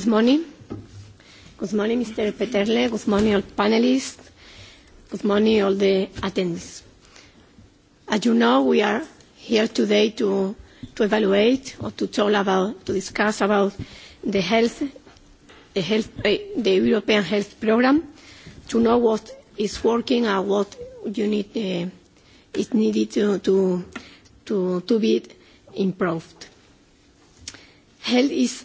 Good morning. Good morning, Mr. Peterle. Good morning, all panelists. Good morning, all the attendees. As you know, we are here today to to evaluate or to talk about, to discuss about the health, the health, the European Health Programme, to know what is working and what you need is needed to to to to be improved. Health is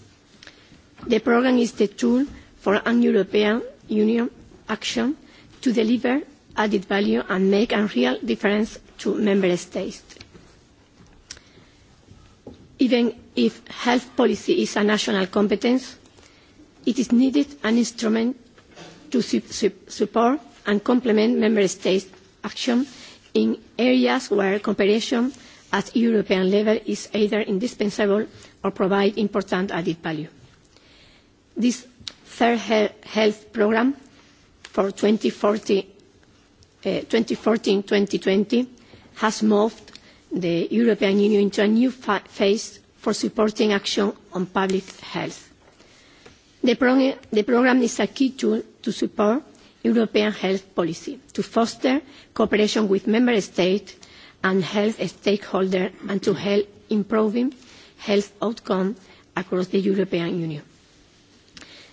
The programme is the tool for an European Union action to deliver added value and make a real difference to member states. Even if health policy is a national competence, it is needed an instrument to support and complement member states' action in areas where cooperation at European level is either indispensable or provides important added value. This third health programme for 2014-2020 has moved the European Union into a new phase for supporting action on public health. The programme is a key tool to support European health policy, to foster cooperation with member states and health stakeholders, and to help improving health outcomes across the European Union.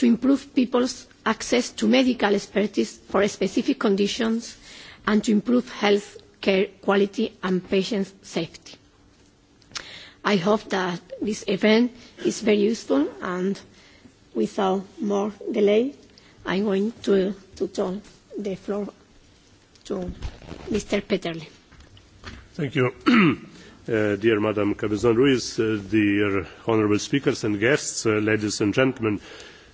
to improve people's access to medical expertise for specific conditions and to improve health care quality and patient safety. I hope that this event is very useful and without more delay, I'm going to turn the floor to Mr. Peterle. Thank you. Dear Madam Cabezon-Ruiz, dear honorable speakers and guests, ladies and gentlemen,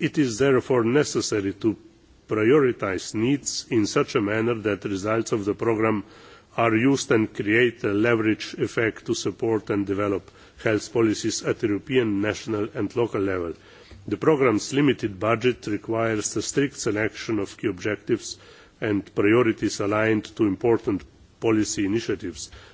It is therefore necessary to prioritise needs in such a manner that the results of the programme are used and create a leverage effect to support and develop health policies at European, national and local level. The programme's limited budget requires a strict selection of key objectives and priorities aligned to important policy initiatives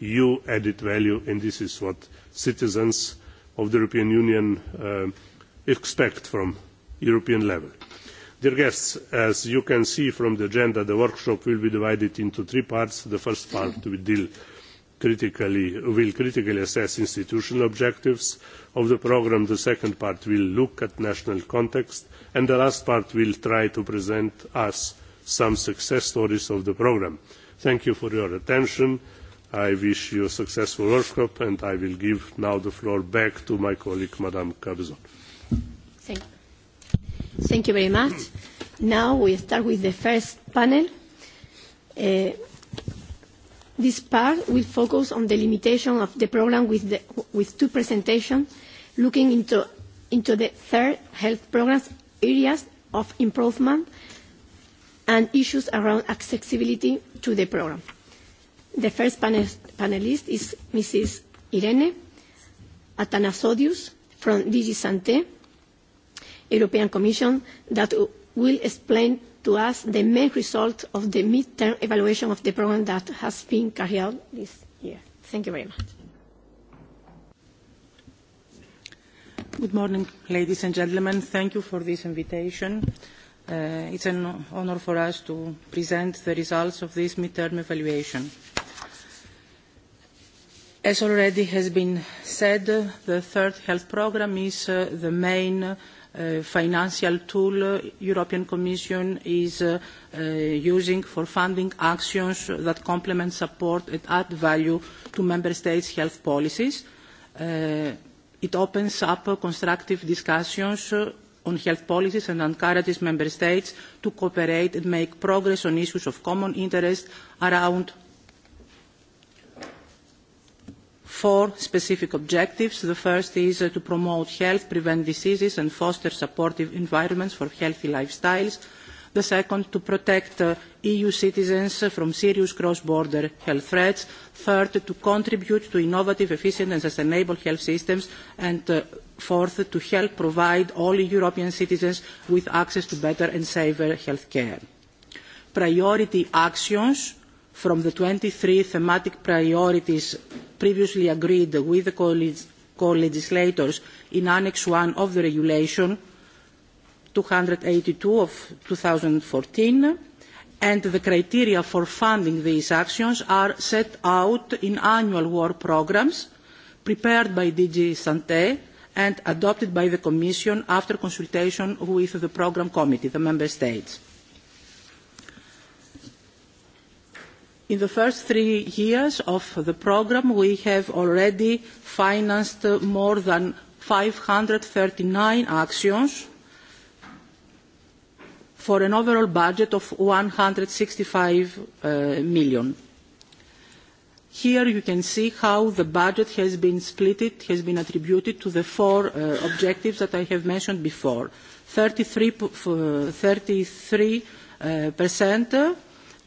EU added value, and this is what citizens of the European Union expect from European level. Dear guests, as you can see from the agenda, the workshop will be divided into three parts. The first part will critically will critically assess institutional objectives of the programme. The second part will look at national context, and the last part will try to present us some success stories of the programme. Thank you for your attention. I wish you a successful workshop and I will give now the floor back to my colleague, Madame Cabezon. Thank you very much. Now we start with the first panel. This part will focus on the limitation of the program with two presentations, looking into the third health program's areas of improvement and issues around accessibility to the program. The first panelist is Mrs. Irene Atanasodius from DG Santé, European Commission, that will explain to us the main result of the mid-term evaluation of the program that has been carried out this year. Thank you very much. Good morning, ladies and gentlemen. Thank you for this invitation. It's an honor for us to present the results of this mid-term evaluation. As already has been said, the third health programme is the main financial tool European Commission is using for funding actions that complement, support and add value to Member States' health policies. It opens up constructive discussions on health policies and encourages Member States to cooperate and make progress on issues of common interest around four specific objectives. The first is to promote health, prevent diseases and foster supportive environments for healthy lifestyles. The second, to protect EU citizens from serious cross-border health threats. Third, to contribute to innovative, efficient and sustainable health systems. And fourth, to help provide all European citizens with access to better and safer health Priority actions from the 23 thematic priorities previously agreed with the co-legislators in Annex 1 of the Regulation 282 of 2014, and the criteria for funding these actions are set out in annual work programmes prepared by DG Santé and adopted by the Commission after consultation with the Programme Committee, the Member States. In the first three years of the programme, we have already financed more than 539 actions for an overall budget of 165 million. Here you can see how the budget has been split, has been attributed to the four objectives that I have mentioned before. 33%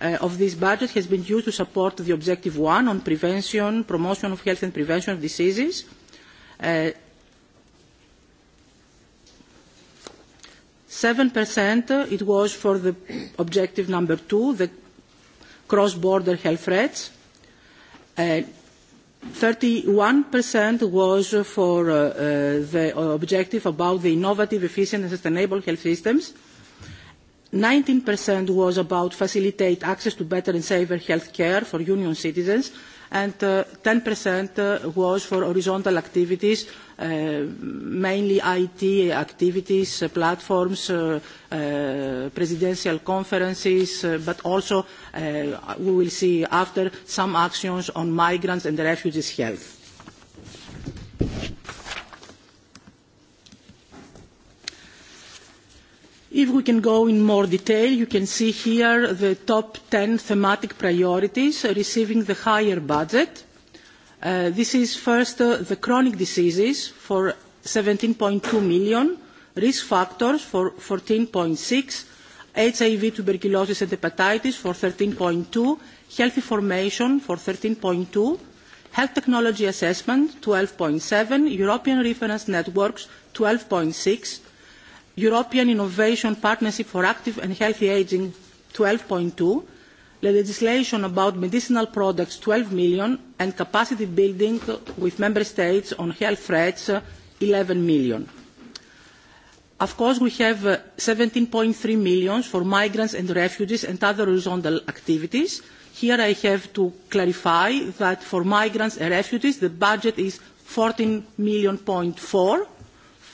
of this budget has been used to support the objective one on prevention, promotion of health and prevention of diseases. Seven percent it was for the objective number two, the cross-border health threats. 31% was for the objective about the innovative, efficient and sustainable health systems 19% was about facilitate access to better and safer health care for union citizens and 10% was for horizontal activities, mainly IT activities, platforms, presidential conferences, but also we will see after some actions on migrants and refugees' health. If we can go in more detail, you can see here the top 10 thematic priorities receiving the higher budget. This is first the chronic diseases for 17.2 million, risk factors for 14.6, HIV, tuberculosis and hepatitis for 13.2, healthy formation for 13.2, health technology assessment 12.7, European reference networks 12.6 European Innovation Partnership for Active and Healthy Aging 12.2, the legislation about medicinal products 12 million, and capacity building with member states on health threats 11 million. Of course, we have 17.3 million for migrants and refugees and other horizontal activities. Here I have to clarify that for migrants and refugees, the budget is 14 million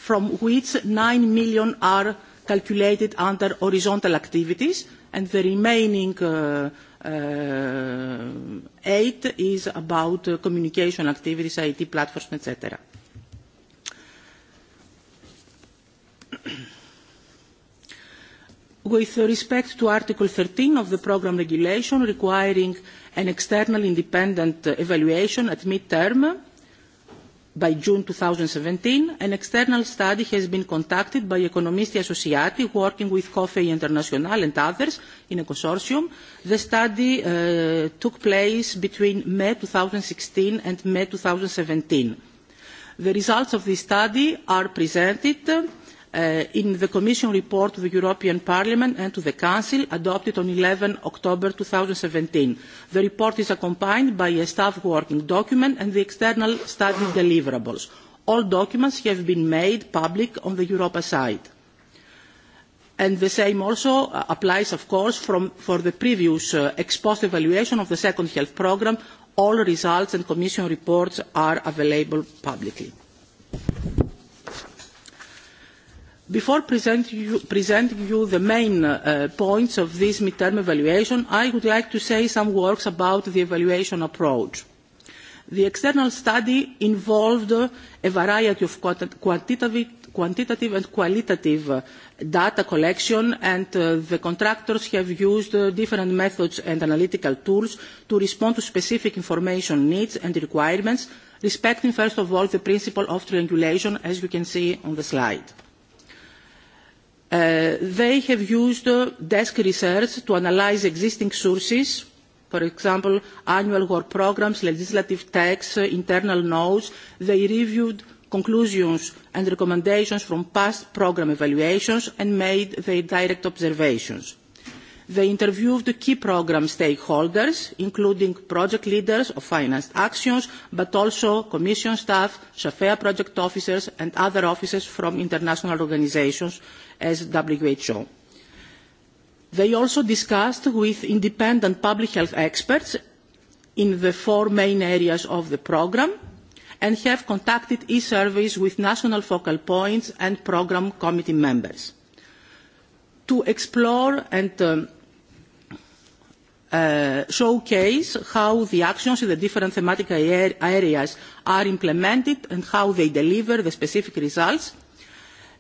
from which 9 million are calculated under horizontal activities and the remaining 8 is about communication activities, IT platforms, etc. With respect to Article 13 of the Programme Regulation requiring an external independent evaluation at mid-term, by June 2017, an external study has been conducted by Economisti Associati, working with COFEI International and others in a consortium. The study took place between May 2016 and May 2017. The results of this study are presented in the Commission report to the European Parliament and to the Council adopted on 11 October 2017. The report is accompanied by a staff working document and the external study deliverables. All documents have been made public on the Europa site. And the same also applies, of course, for the previous ex post evaluation of the second health programme. All results and Commission reports are available publicly. Before presenting you the main points of this midterm evaluation, I would like to say some words about the evaluation approach. The external study involved a variety of quantitative and qualitative data collection, and the contractors have used different methods and analytical tools to respond to specific information needs and requirements, respecting, first of all, the principle of triangulation, as you can see on the slide. They have used desk research to analyse existing sources, for example, annual work programmes, legislative texts, internal notes. They reviewed conclusions and recommendations from past programme evaluations and made their direct observations. They interviewed the key programme stakeholders, including project leaders of financed actions, but also Commission staff, SAFEA project officers and other officers from international organisations as WHO. They also discussed with independent public health experts in the four main areas of the programme and have contacted e-surveys with national focal points and programme committee members. To explore and showcase how the actions in the different thematic areas are implemented and how they deliver the specific results.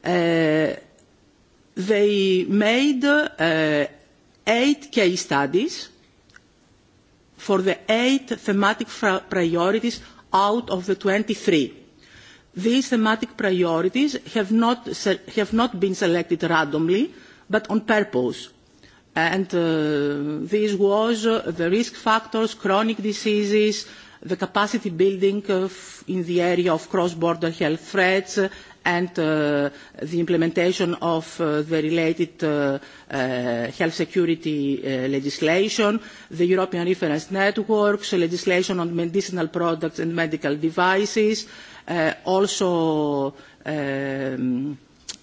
They made eight case studies for the eight thematic priorities out of the 23. These thematic priorities have not been selected randomly, but on purpose And this was the risk factors, chronic diseases, the capacity building in the area of cross-border health threats and the implementation of the related health security legislation, the European reference networks, legislation on medicinal products and medical devices, also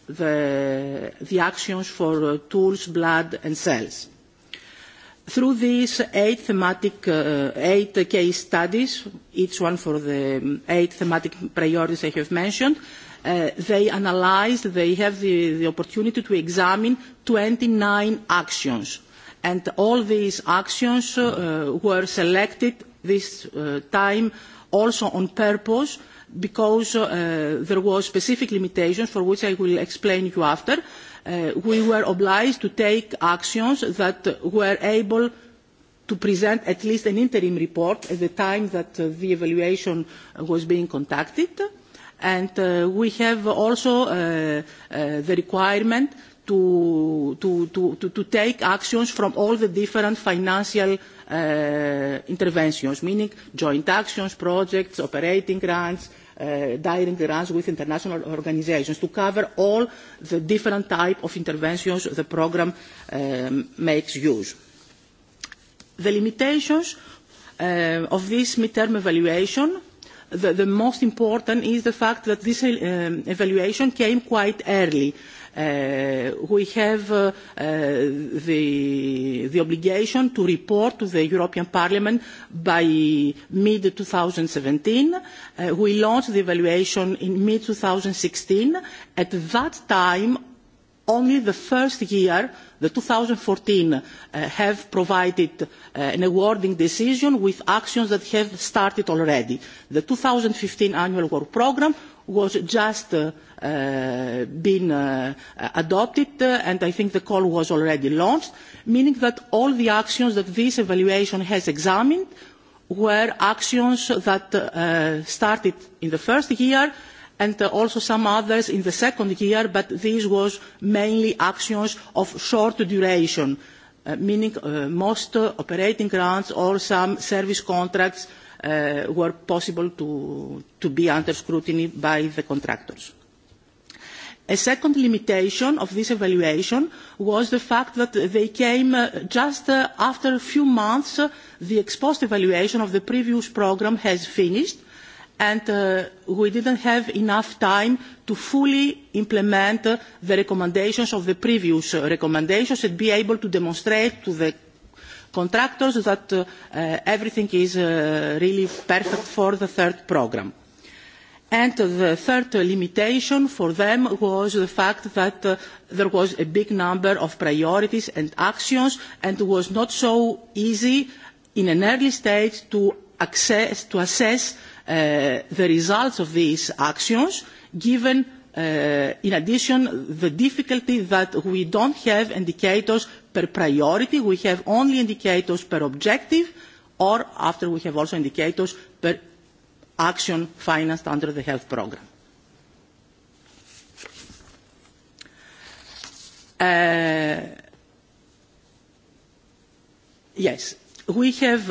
the actions for tools, blood and cells. Through these eight thematic, eight case studies, each one for the eight thematic priorities I have mentioned, they analyzed, they have the opportunity to examine 29 actions. And all these actions were selected this time also on purpose because there were specific limitations for which I will explain you after, we were obliged to take actions that were able to present at least an interim report at the time that the evaluation was being conducted. And we have also the requirement to take actions from all the different financial interventions, meaning joint actions, projects, operating grants, direct runs with international organizations to cover all the different type of interventions the program makes use. The limitations of this midterm evaluation the most important is the fact that this evaluation came quite early We have the obligation to report to the European Parliament by mid-2017. We launched the evaluation in mid-2016. At that time, only the first year, the 2014, have provided an awarding decision with actions that have started already. The 2015 annual work programme was just been adopted and I think the call was already launched, meaning that all the actions that this evaluation has examined were actions that started in the first year and also some others in the second year, but these was mainly actions of short duration, meaning most operating grants or some service contracts were possible to be under scrutiny by the contractors. A second limitation of this evaluation was the fact that they came just after a few months the ex post evaluation of the previous programme has finished and we didn't have enough time to fully implement the recommendations of the previous recommendations and be able to demonstrate to the contractors so that everything is really perfect for the third programme. And the third limitation for them was the fact that there was a big number of priorities and actions and it was not so easy in an early stage to assess the results of these actions given in addition the difficulty that we don't have indicators per priority. We have only indicators per objective or after we have also indicators per action financed under the health program. Yes, we have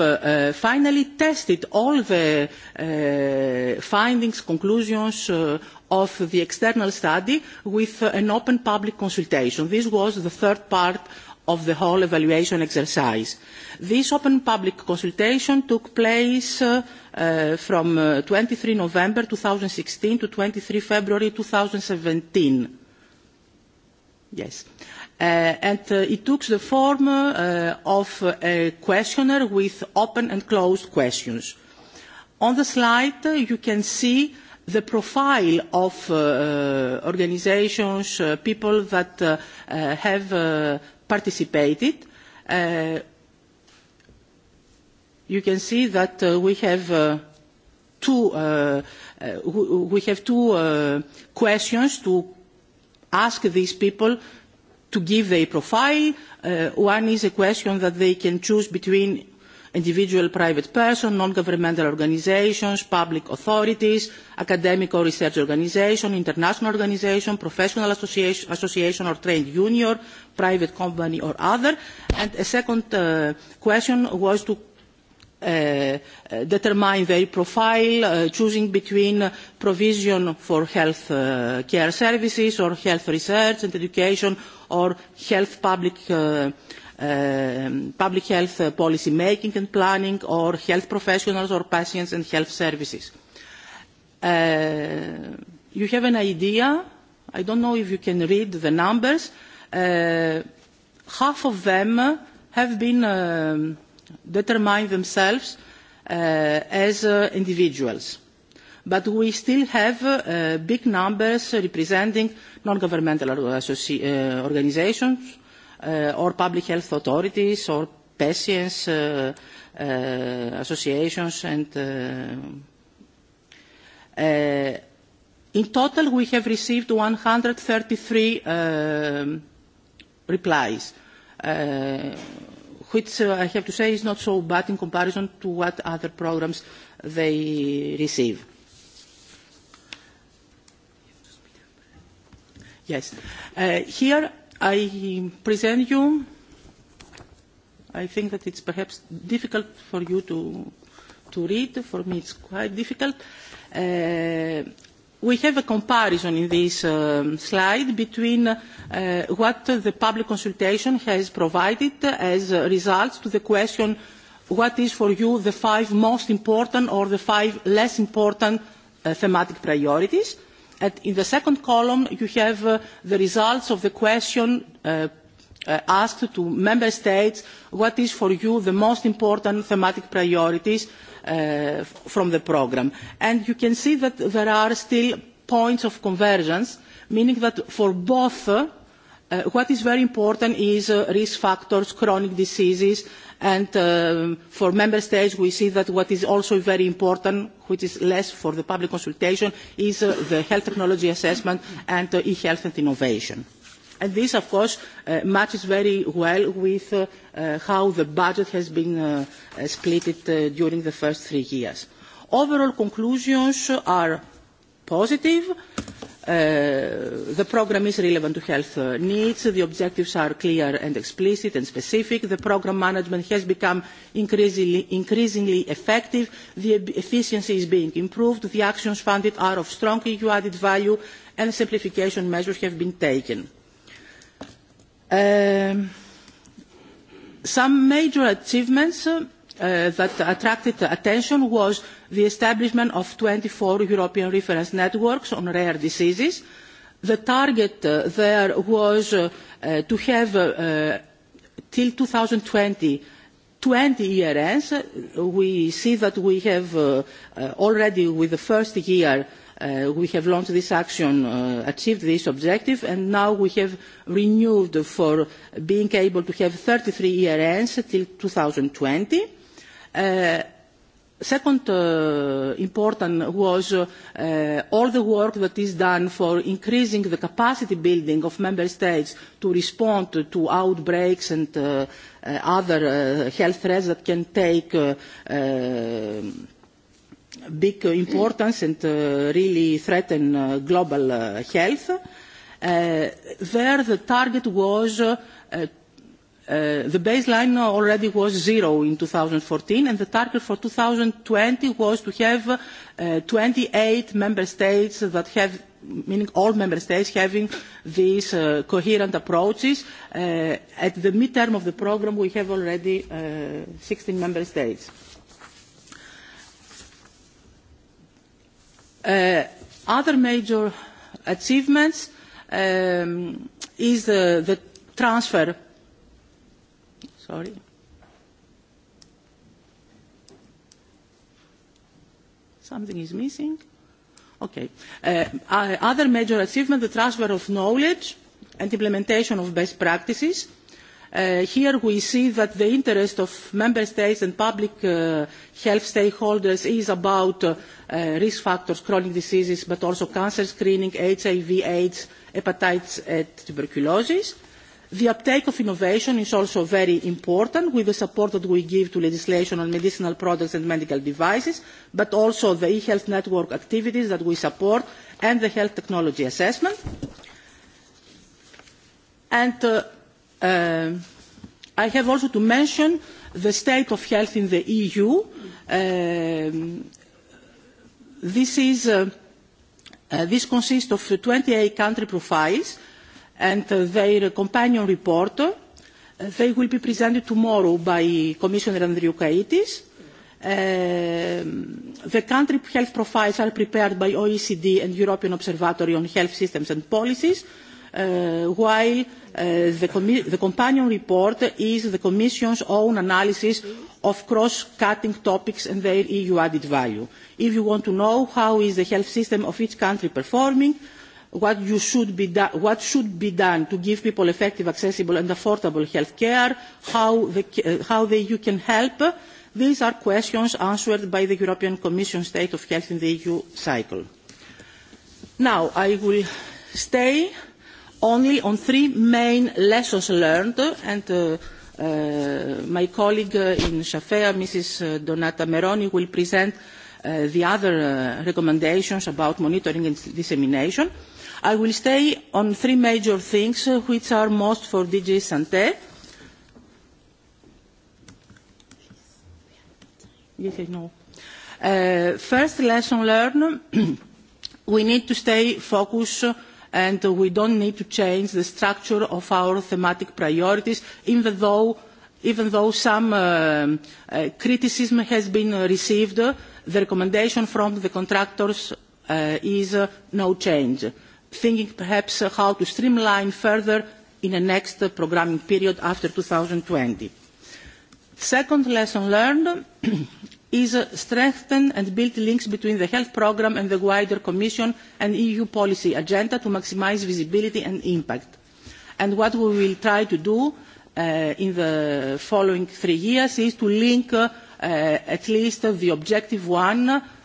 finally tested all the findings, conclusions of the external study with an open public consultation. This was the third part of the whole evaluation exercise. This open public consultation took place from 23 November 2016 to 23 February 2017. Yes. And it took the form of a questionnaire with open and closed questions. On the slide you can see the profile of organisations, people that have participated. You can see that we have two we have two questions to ask these people to give their profile. One is a question that they can choose between individual private person, non-governmental organizations, public authorities, academic or research organization, international organization, professional association or trained union, private company or other. And a second question was to determine their profile, choosing between provision for health care services or health research and education or health public public health policy making and planning or health professionals or patients and health services. You have an idea, I don't know if you can read the numbers, half of them have been determined themselves as individuals. But we still have big numbers representing non-governmental organizations or public health authorities or patients associations and in total we have received 133 replies which I have to say is not so bad in comparison to what other programs they receive. Yes. Here I present you, I think that it's perhaps difficult for you to read, for me it's quite difficult. We have a comparison in this slide between what the public consultation has provided as results to the question what is for you the five most important or the five less important thematic priorities In the second column, you have the results of the question asked to Member States, what is for you the most important thematic priorities from the programme. And you can see that there are still points of convergence, meaning that for both, what is very important is risk factors, chronic diseases And for member states, we see that what is also very important, which is less for the public consultation, is the health technology assessment and e-health and innovation. And this, of course, matches very well with how the budget has been split during the first three years. Overall conclusions are positive The programme is relevant to health needs. The objectives are clear and explicit and specific. The programme management has become increasingly effective. The efficiency is being improved. The actions funded are of strong EU added value and simplification measures have been taken. Some major achievements that attracted attention was the establishment of 24 European reference networks on rare diseases. The target there was to have till 2020 20 year ends. We see that we have already with the first year we have launched this action, achieved this objective, and now we have renewed for being able to have 33 ERNs ends till 2020. Second important was all the work that is done for increasing the capacity building of member states to respond to outbreaks and other health threats that can take big importance and really threaten global health. There the target was The baseline already was zero in 2014 and the target for 2020 was to have 28 member states that have, meaning all member states having these coherent approaches. At the midterm of the program we have already 16 member states. Other major achievements is the transfer Sorry. Something is missing. Okay. Other major achievement, the transfer of knowledge and implementation of best practices. Here we see that the interest of member states and public health stakeholders is about risk factors, chronic diseases, but also cancer screening, HIV, AIDS, hepatitis and tuberculosis The uptake of innovation is also very important with the support that we give to legislation on medicinal products and medical devices, but also the e-health network activities that we support and the health technology assessment. And I have also to mention the state of health in the EU. This consists of 28 country profiles and their companion report. They will be presented tomorrow by Commissioner Andriukaitis. The country health profiles are prepared by OECD and European Observatory on Health Systems and Policies, while the companion report is the Commission's own analysis of cross-cutting topics and their EU added value. If you want to know how is the health system of each country performing, what should be done to give people effective, accessible and affordable health care, how the EU can help, these are questions answered by the European Commission State of Health in the EU cycle. Now, I will stay only on three main lessons learned, and my colleague in Shafea, Mrs. Donata Meroni, will present the other recommendations about monitoring and dissemination. I will stay on three major things which are most for DG Santé. First lesson learned, we need to stay focused and we don't need to change the structure of our thematic priorities, even though even though some criticism has been received, the recommendation from the contractors is no change thinking perhaps how to streamline further in the next programming period after 2020. Second lesson learned is strengthen and build links between the health programme and the wider Commission and EU policy agenda to maximise visibility and impact. And what we will try to do in the following three years is to link at least the objective one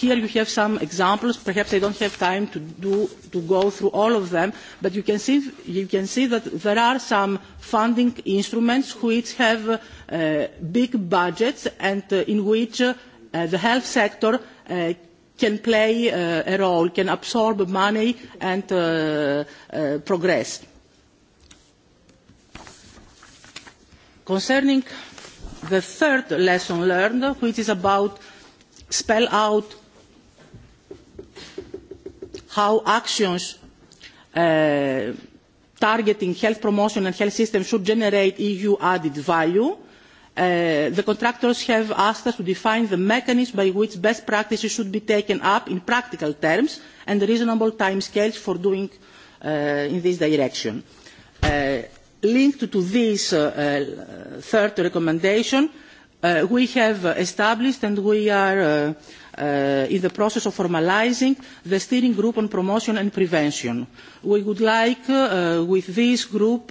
Here you have some examples. Perhaps I don't have time to go through all of them, but you can see that there are some funding instruments which have big budgets and in which the health sector can play a role, can absorb money and progress. Concerning the third lesson learned, which is about spell out how actions targeting health promotion and health systems should generate EU added value. The contractors have asked us to define the mechanism by which best practices should be taken up in practical terms and reasonable timescales for doing in this direction. Linked to this third recommendation, we have established and we are in the process of formalising the steering group on promotion and prevention. We would like with this group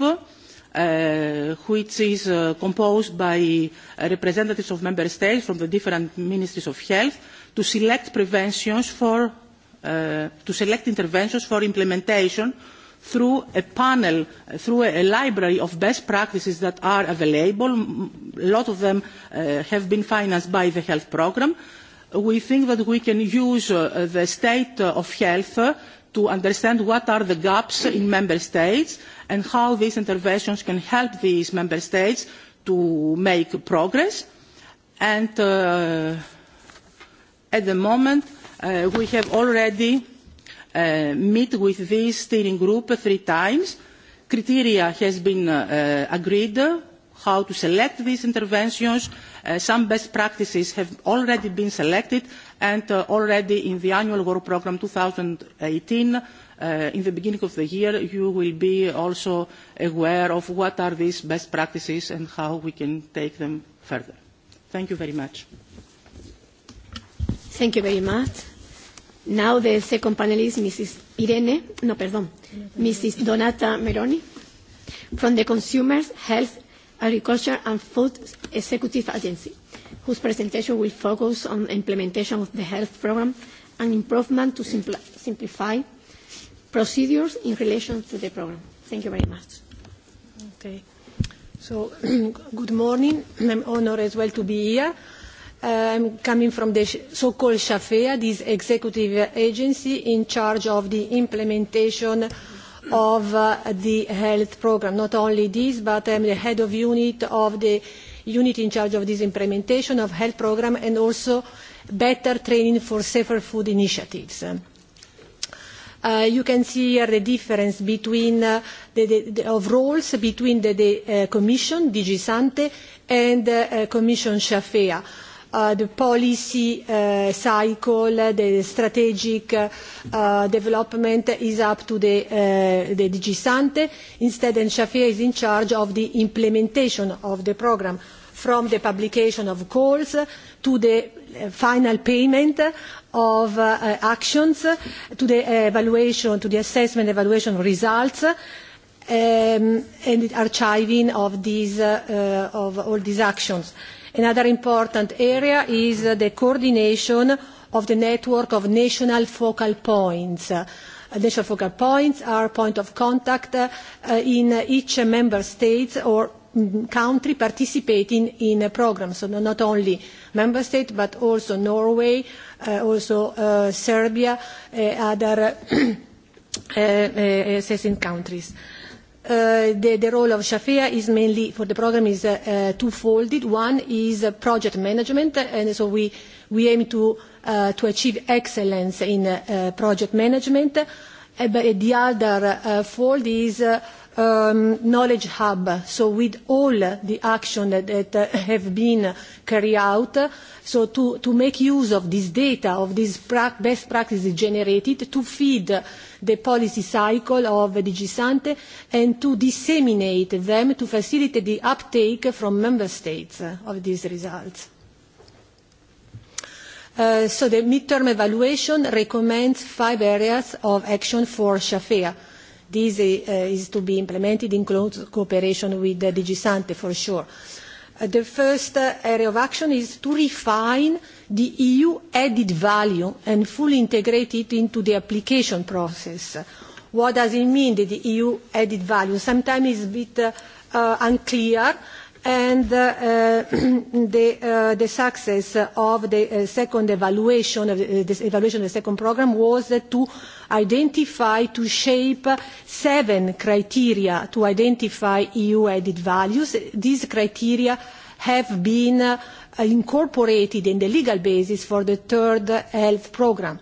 which is composed by representatives of member states from the different ministries of health to select to select interventions for implementation through a panel through a library of best practices that are available a lot of them have been financed by the health programme we think that we can use the state of health to understand what are the gaps in member states and how these interventions can help these member states to make progress. And at the moment, we have already met with this steering group three times. Criteria has been agreed how to select these interventions. Some best practices have already been selected and already in the annual work programme 2018 in the beginning of the year you will be also aware of what are these best practices and how we can take them further. Thank you very much. Thank you very much. Now the second panelist, Mrs. Irene, no, Mrs. Donata Meroni from the Consumers Health Agriculture and Food Executive Agency, whose presentation will focus on implementation of the health program and improvement to simplify procedures in relation to the program. Thank you very much. Okay. So, good morning. I'm honored as well to be here. I'm coming from the so-called SHAFEA, this executive agency in charge of the implementation of the health programme. Not only this, but I am the head of unit of the unit in charge of this implementation of health programme and also better training for safer food initiatives. You can see here the difference between of roles between the Commission, DG Sante, and Commission Shafea the policy cycle, the strategic development is up to the DG Sante. Instead, Shafia is in charge of the implementation of the programme from the publication of calls to the final payment of actions, to the evaluation, to the assessment evaluation results and archiving of all these actions. Another important area is the coordination of the network of national focal points. National focal points are point of contact in each member state or country participating in a program. So not only member states, but also Norway, also Serbia, other assessing countries. The role of Shafia is mainly for the program is twofold. One is project management, and so we aim to to achieve excellence in project management. the other fold is knowledge hub, so with all the action that have been carried out, so to make use of this data, of these best practices generated, to feed the policy cycle of DigiSante and to disseminate them to facilitate the uptake from member states of these results. So the mid-term evaluation recommends five areas of action for Shafea This is to be implemented in close cooperation with DG for sure. The first area of action is to refine the EU added value and fully integrate it into the application process. What does it mean, the EU added value? Sometimes it's a bit unclear, and the success of the second evaluation, the evaluation of the second program, was to identify, to shape seven criteria to identify EU added values. These criteria have been incorporated in the legal basis for the third health programme.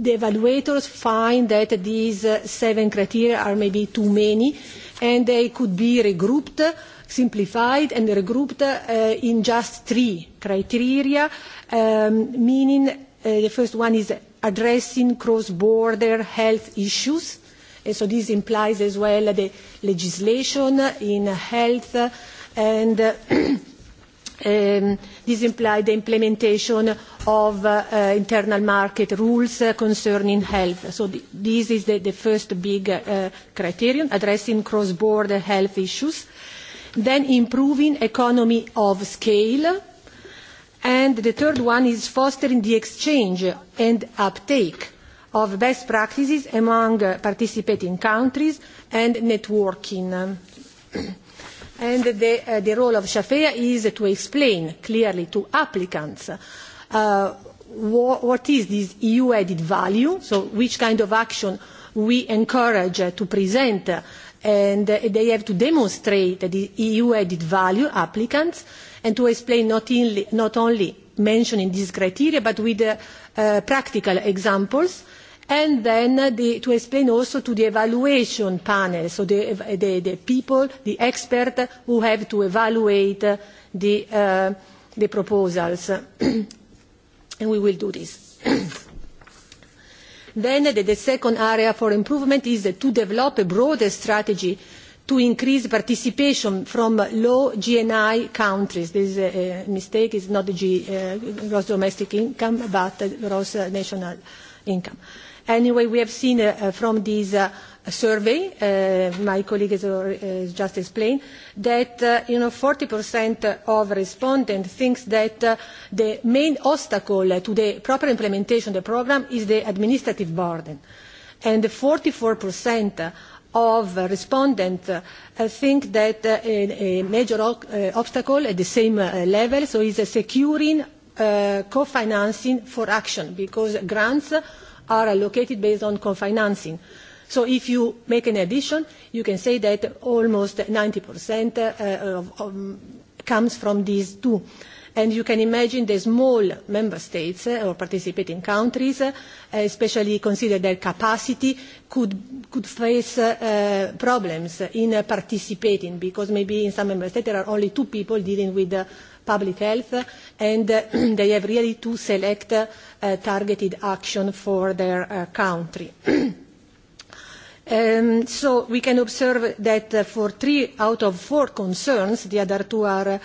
The evaluators find that these seven criteria are maybe too many and they could be regrouped, simplified and regrouped in just three criteria, meaning the first one is addressing cross-border health issues. So this implies as well the legislation in health and This implies the implementation of internal market rules concerning health. So this is the first big criterion, addressing cross-border health issues. Then improving economy of scale and the third one is fostering the exchange and uptake of best practices among participating countries and networking. And the role of Shafea is to explain clearly to applicants what is this EU added value, so which kind of action we encourage to present and they have to demonstrate the EU added value applicants and to explain not only mentioning these criteria but with practical examples and then to explain also to the evaluation panel, so the people, the experts who have to evaluate the proposals. And we will do this. Then the second area for improvement is to develop a broader strategy to increase participation from low GNI countries. This is a mistake is not the gross domestic income, but gross national income. Anyway, we have seen from this survey, my colleague has just explained, that 40% of respondents thinks that the main obstacle to the proper implementation of the programme is the administrative burden. And 44% of respondents think that a major obstacle at the same level so is securing co-financing for action because grants are allocated based on co-financing. So if you make an addition, you can say that almost 90% comes from these two. And you can imagine the small member states or participating countries, especially consider their capacity, could face problems in participating because maybe in some member states there are only two people dealing with public health and they have really to select targeted action for their country. So we can observe that for three out of four concerns, the other two are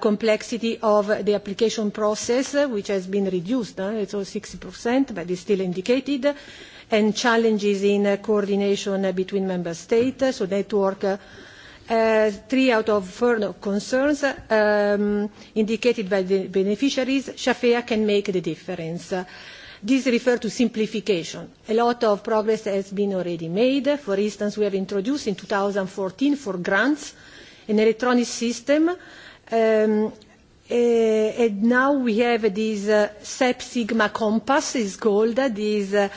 complexity of the application process, which has been reduced, it's all 60%, but is still indicated, and challenges in coordination between member states, so network three out of four concerns indicated by the beneficiaries, Shafea can make the difference. This refers to simplification. A lot of progress has been already made. For instance, we have introduced in 2014 for grants an electronic system And now we have this SEP Sigma Compass, is called this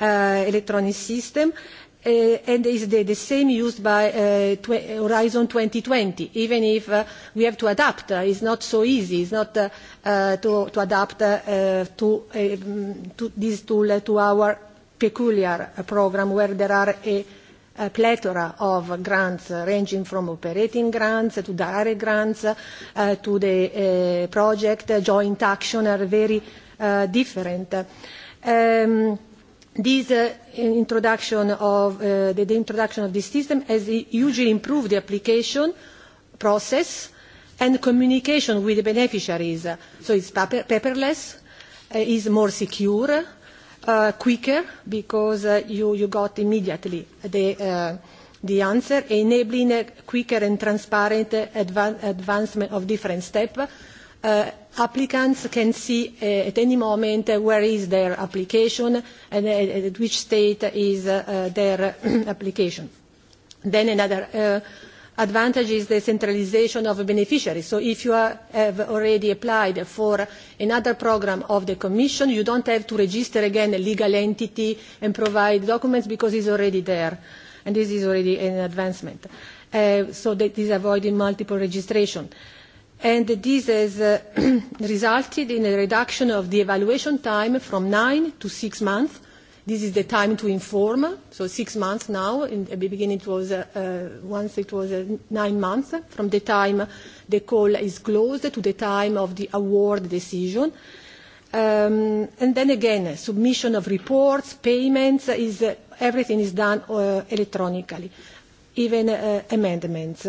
electronic system, and is the same used by Horizon 2020. Even if we have to adapt, it's not so easy. It's not to adapt to this tool to our peculiar program where there are a a plethora of grants ranging from operating grants to direct grants to the project joint action are very different. This introduction of the introduction of this system has hugely improved the application process and communication with the beneficiaries. So it's paperless, is more secure quicker because you you got immediately the answer, enabling a quicker and transparent advancement of different steps. Applicants can see at any moment where is their application and at which state is their application. Then another advantage is the centralisation of beneficiaries. So if you have already applied for another programme of the Commission, you do not have to register again a legal entity and provide documents because it is already there. And this is already an advancement. So that is avoiding multiple registration. And this has resulted in a reduction of the evaluation time from nine to six months This is the time to inform, so six months now. In the beginning it was, once it was nine months, from the time the call is closed to the time of the award decision. And then again, submission of reports, payments, is everything is done electronically, even amendments.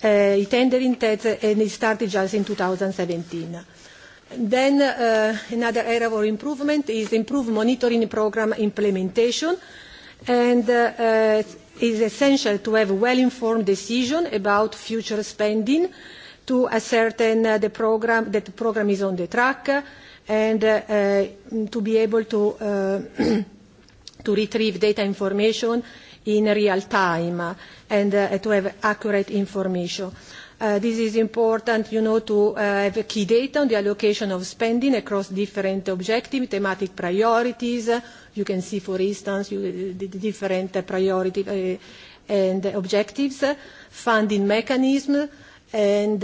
the tendering and it started just in 2017. Then another area for improvement is improved monitoring program implementation and it is essential to have well-informed decision about future spending to ascertain the program, that the program is on the track and to be able to retrieve data information in real time and to have accurate information. This is important, you know, to have key data on the allocation of spending across different objectives, thematic priorities. You can see, for instance, the different priority and objectives, funding mechanisms and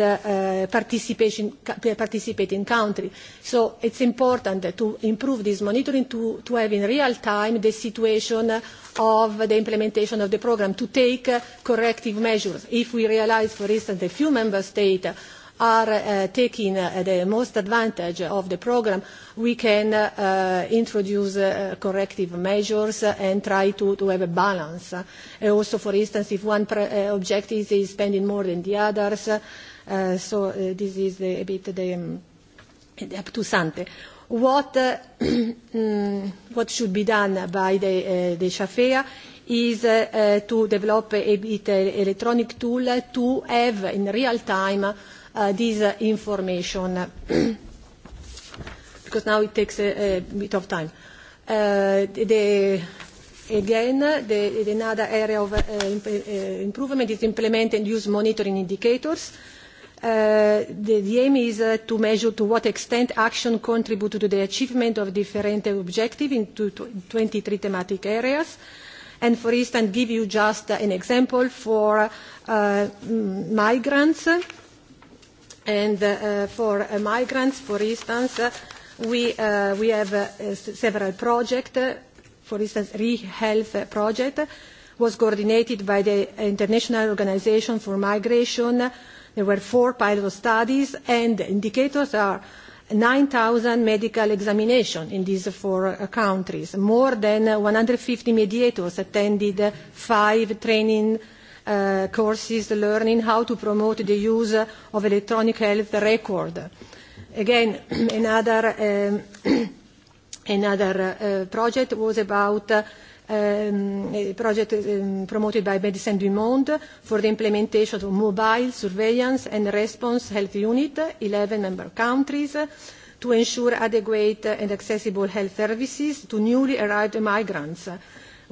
participating country. So it's important to improve this monitoring, to have in real time the situation of the implementation of the programme, to take corrective measures. If we realise, for instance, a few member states are taking the most advantage of the programme, we can introduce corrective measures and try to have a balance. Also, for instance, if one objective is spending more than the others, so this is a bit the up to What should be done by the Shafea is to develop a bit electronic tool to have in real time this information because now it takes a bit of time. Again, another area of improvement is implement and use monitoring indicators. The aim is to measure to what extent action contributes to the achievement of different objectives in 23 thematic areas. And for instance, give you just an example for migrants And for migrants, for instance, we have several projects. For instance, ReHealth project was coordinated by the International Organization for Migration. There were four pilot studies, and indicators are 9,000 medical examinations in these four countries. More than 150 mediators attended five training courses learning how to promote the use of electronic health record. Again, another another project was about a project promoted by Medicine du Monde for the implementation of mobile surveillance and response health unit, 11 member countries, to ensure adequate and accessible health services to newly arrived migrants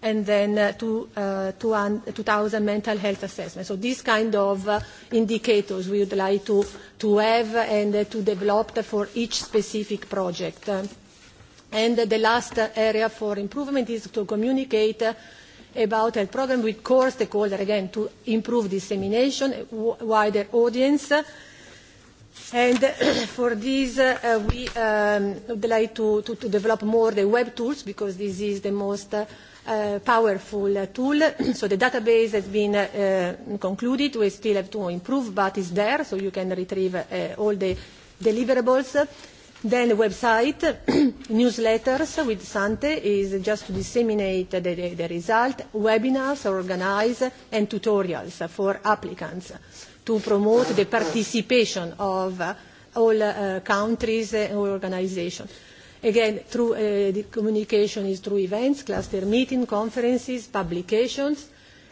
and then 2,000 mental health assessments. So these kind of indicators we would like to have and to develop for each specific project. And the last area for improvement is to communicate about a program with core stakeholders, again, to improve dissemination, wider audience. And for this, we would like to develop more the web tools because this is the most powerful tool. So the database has been concluded. We still have to improve, but it's there, so you can retrieve all the deliverables. Then the website, newsletters with Sante is just to disseminate the result, webinars organize, and tutorials for applicants to promote the participation of all countries and organizations. Again, through the communication is through events, cluster meetings, conferences, publications,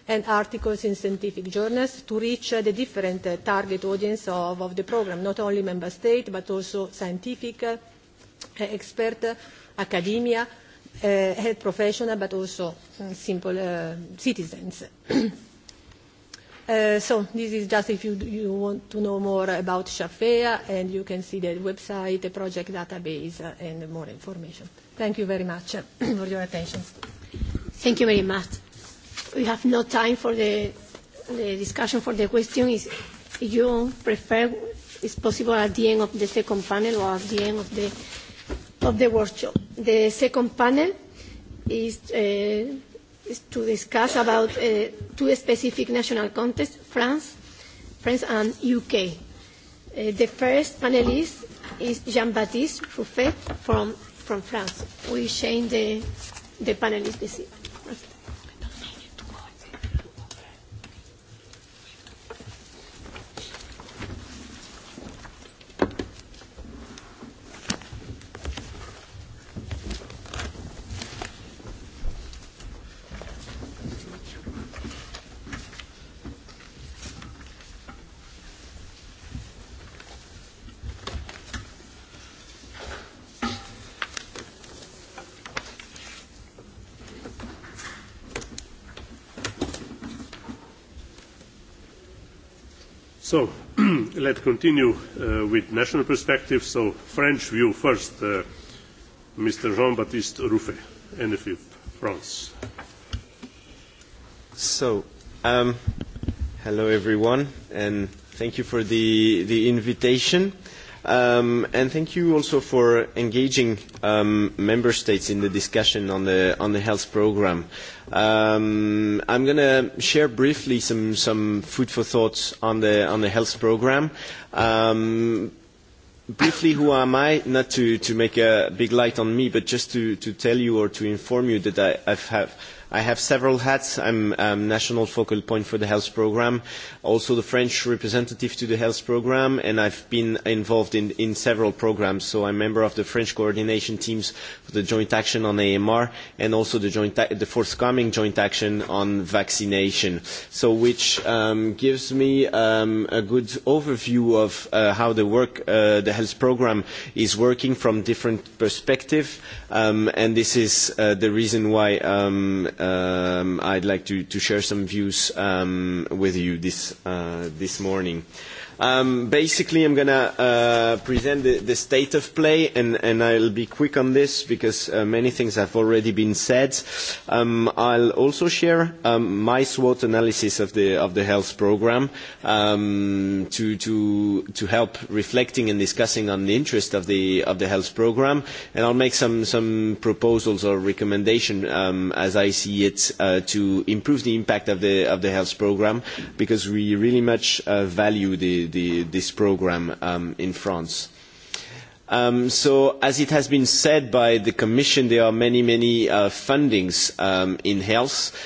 and articles in scientific journals to reach the different target audience of the program, not only member state, but also scientific expert, academia, health professional, but also simple citizens. So this is just if you want to know more about Shafea, and you can see the website, the project database, and more information. Thank you very much for your attention. Thank you very much. We have no time for the discussion for the question. If you prefer, it's possible at the end of the second panel or at the end of the of the workshop. The second panel is to discuss about two specific national contests, France France and UK. The first panelist is Jean-Baptiste Rouffet from from France. We change the panelist this So let's continue with national perspectives. So French view first. Mr. Jean-Baptiste Ruffet, NFIP, France. So, hello everyone, and thank you for the the invitation. And thank you also for engaging member states in the discussion on the on the health program. I'm going to share briefly some some food for thought on the on the health program. Briefly, who am I? Not to to make a big light on me, but just to to tell you or to inform you that I have I have several hats. I'm national focal point for the health program, also the French representative to the health program, and I've been involved in several programs. So I'm a member of the French coordination teams for the joint action on AMR and also the forthcoming joint action on vaccination, so which gives me a good overview of how the work, the health program is working from different perspectives, and this is the reason why I'd like to share some views with you this morning. Basically, I'm going to present the state of play, and I'll be quick on this because many things have already been said. I'll also share my SWOT analysis of the health program to help reflecting and discussing on the interest of the health program, and I'll make some proposals or recommendations as I see it to improve the impact of the health program because we really much value the this programme in France. So, as it has been said by the Commission, there are many, many fundings in health,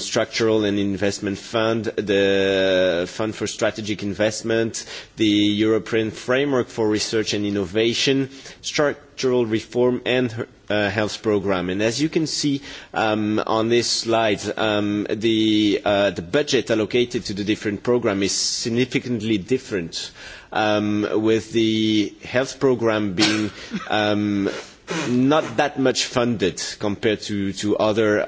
structural and investment fund, the Fund for Strategic Investment, the European Framework for Research and Innovation, structural reform and health programme. And as you can see on this slide, the budget allocated to the different programmes is significantly different, with the health programme being not that much funded compared to other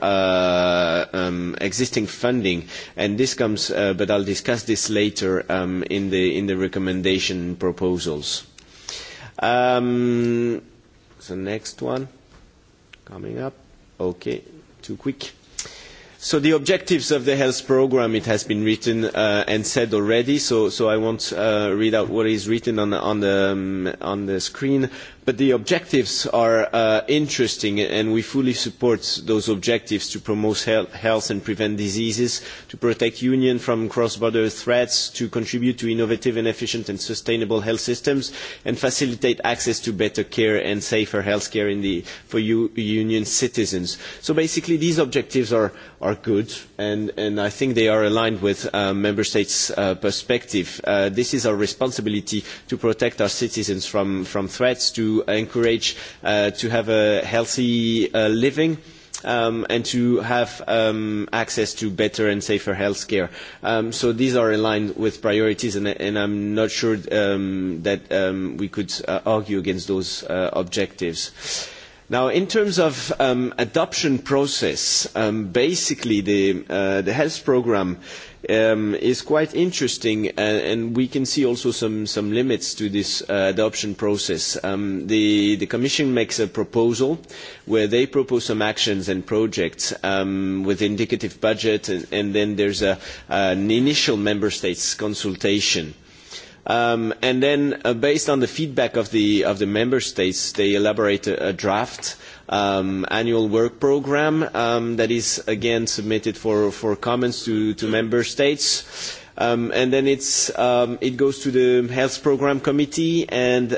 existing funding. And this comes, but I'll discuss this later in the recommendation proposals. The next one coming up. Okay, too quick. So the objectives of the health programme, it has been written and said already, so so I won't read out what is written on on the on the screen but the objectives are interesting and we fully support those objectives to promote health and prevent diseases to protect union from cross border threats to contribute to innovative and efficient and sustainable health systems and facilitate access to better care and safer health care for union citizens. so basically these objectives are good and I think they are aligned with Member States' perspective. This is our responsibility to protect our citizens from threats, to encourage to have a healthy living and to have access to better and safer health care. So these are aligned with priorities, and I'm not sure that we could argue against those objectives. Now, in terms of adoption process, basically the health programme is quite interesting and we can see also some limits to this adoption process. The Commission makes a proposal where they propose some actions and projects with indicative budget and then there's an initial member states consultation and then based on the feedback of the of the member states they elaborate a draft annual work programme that is again submitted for comments to member states and then it goes to the health programme committee and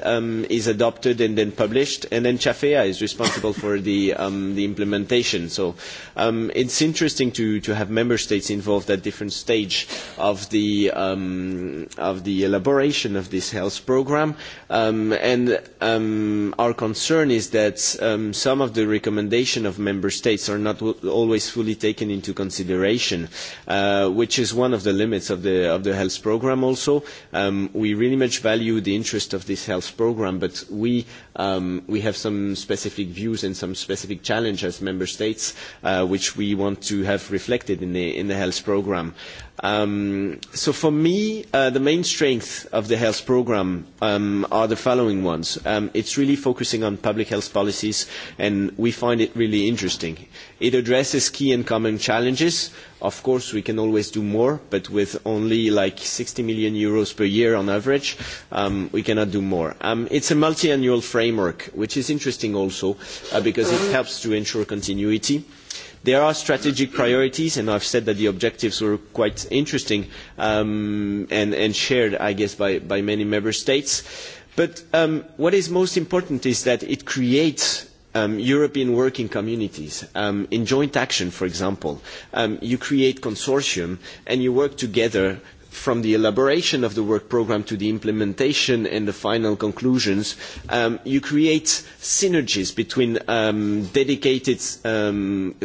is adopted and then published and then chafea is responsible for the implementation so it's interesting to have member states involved at different stages of the elaboration of this health programme and our concern is that some of the recommendations of member states are not always fully taken into consideration which is one of the limits of the health programme also. We really much value the interest of this health programme, but we have some specific views and some specific challenges as member states, which we want to have reflected in the health programme. So for me, the main strength of the health programme are the following ones. It's really focusing on public health policies, and we find it really interesting. It addresses key and common challenges. Of course, we can always do more, but with only like 60 million euros per year on average, we cannot do more. It's a multi-annual framework, which is interesting also, because it helps to ensure continuity There are strategic priorities, and I've said that the objectives were quite interesting and shared, I guess, by many member states. But what is most important is that it creates European working communities. In joint action, for example, you create consortium and you work together from the elaboration of the work programme to the implementation and the final conclusions, you create synergies between dedicated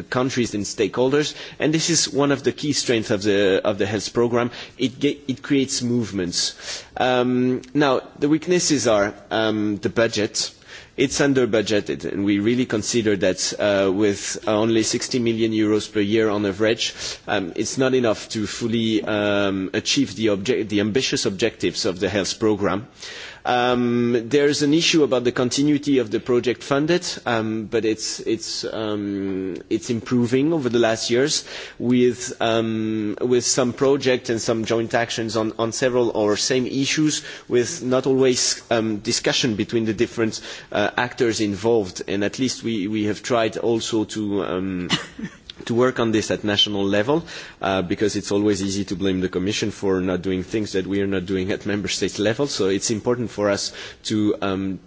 countries and stakeholders, and this is one of the key strengths of the health programme. It creates movements. Now, the weaknesses are the budget It's under budgeted and we really consider that with only 60 million euros per year on average, it's not enough to fully achieve the ambitious objectives of the health programme There is an issue about the continuity of the project funded, but it's improving over the last years with some projects and some joint actions on several or same issues with not always discussion between the different actors involved. And at least we have tried also to to work on this at national level because it's always easy to blame the commission for not doing things that we are not doing at member state level so it's important for us to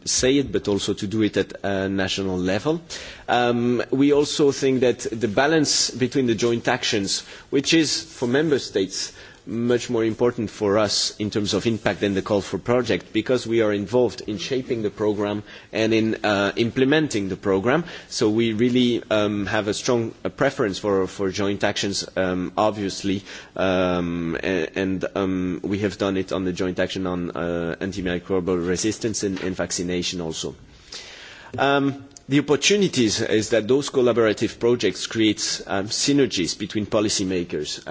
say it but also to do it at national level we also think that the balance between the joint actions which is for member states much more important for us in terms of impact than the call for project because we are involved in shaping the program and in implementing the program. So we really have a strong preference for joint actions, obviously, and we have done it on the joint action on antimicrobial resistance and vaccination also. The opportunities is that those collaborative projects create synergies between policymakers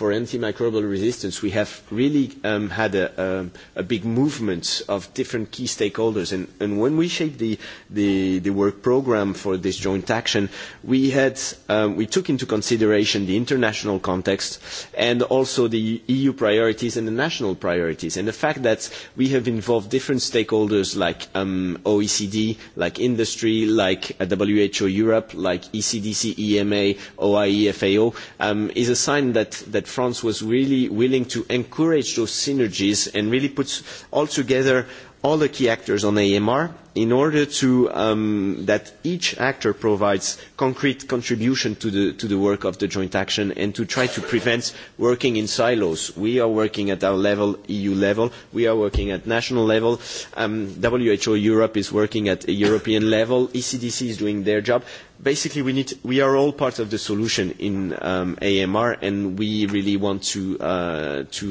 for antimicrobial resistance, we have really had a big movement of different key stakeholders. And when we shaped the work program for this joint action, we had we took into consideration the international context and also the EU priorities and the national priorities. And the fact that we have involved different stakeholders like OECD, like industry, like WHO Europe, like ECDC, EMA, OIE, FAO, is a sign that France was really willing to encourage those synergies and really put all together all the key actors on AMR in order to that each actor provides concrete contribution to the work of the joint action and to try to prevent working in silos. We are working at our level, EU level. We are working at national level. WHO Europe is working at a European level. ECDC is doing their job. Basically, we are all part of the solution in AMR, and we really want to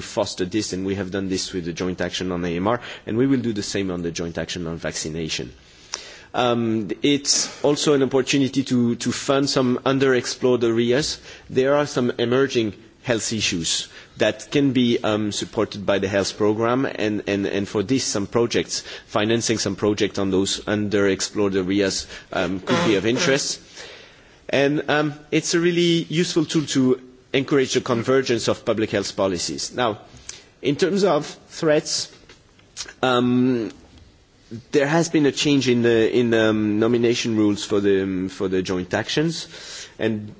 foster this, and we have done this with the joint action on AMR, and we will do the same on the joint action on vaccination Commission. It's also an opportunity to fund some underexplored areas. There are some emerging health issues that can be supported by the health programme and for this some projects, financing some projects on those underexplored areas could be of interest. And it's a really useful tool to encourage the convergence of public health policies. Now, in terms of threats, There has been a change in the in the nomination rules for the for the joint actions, and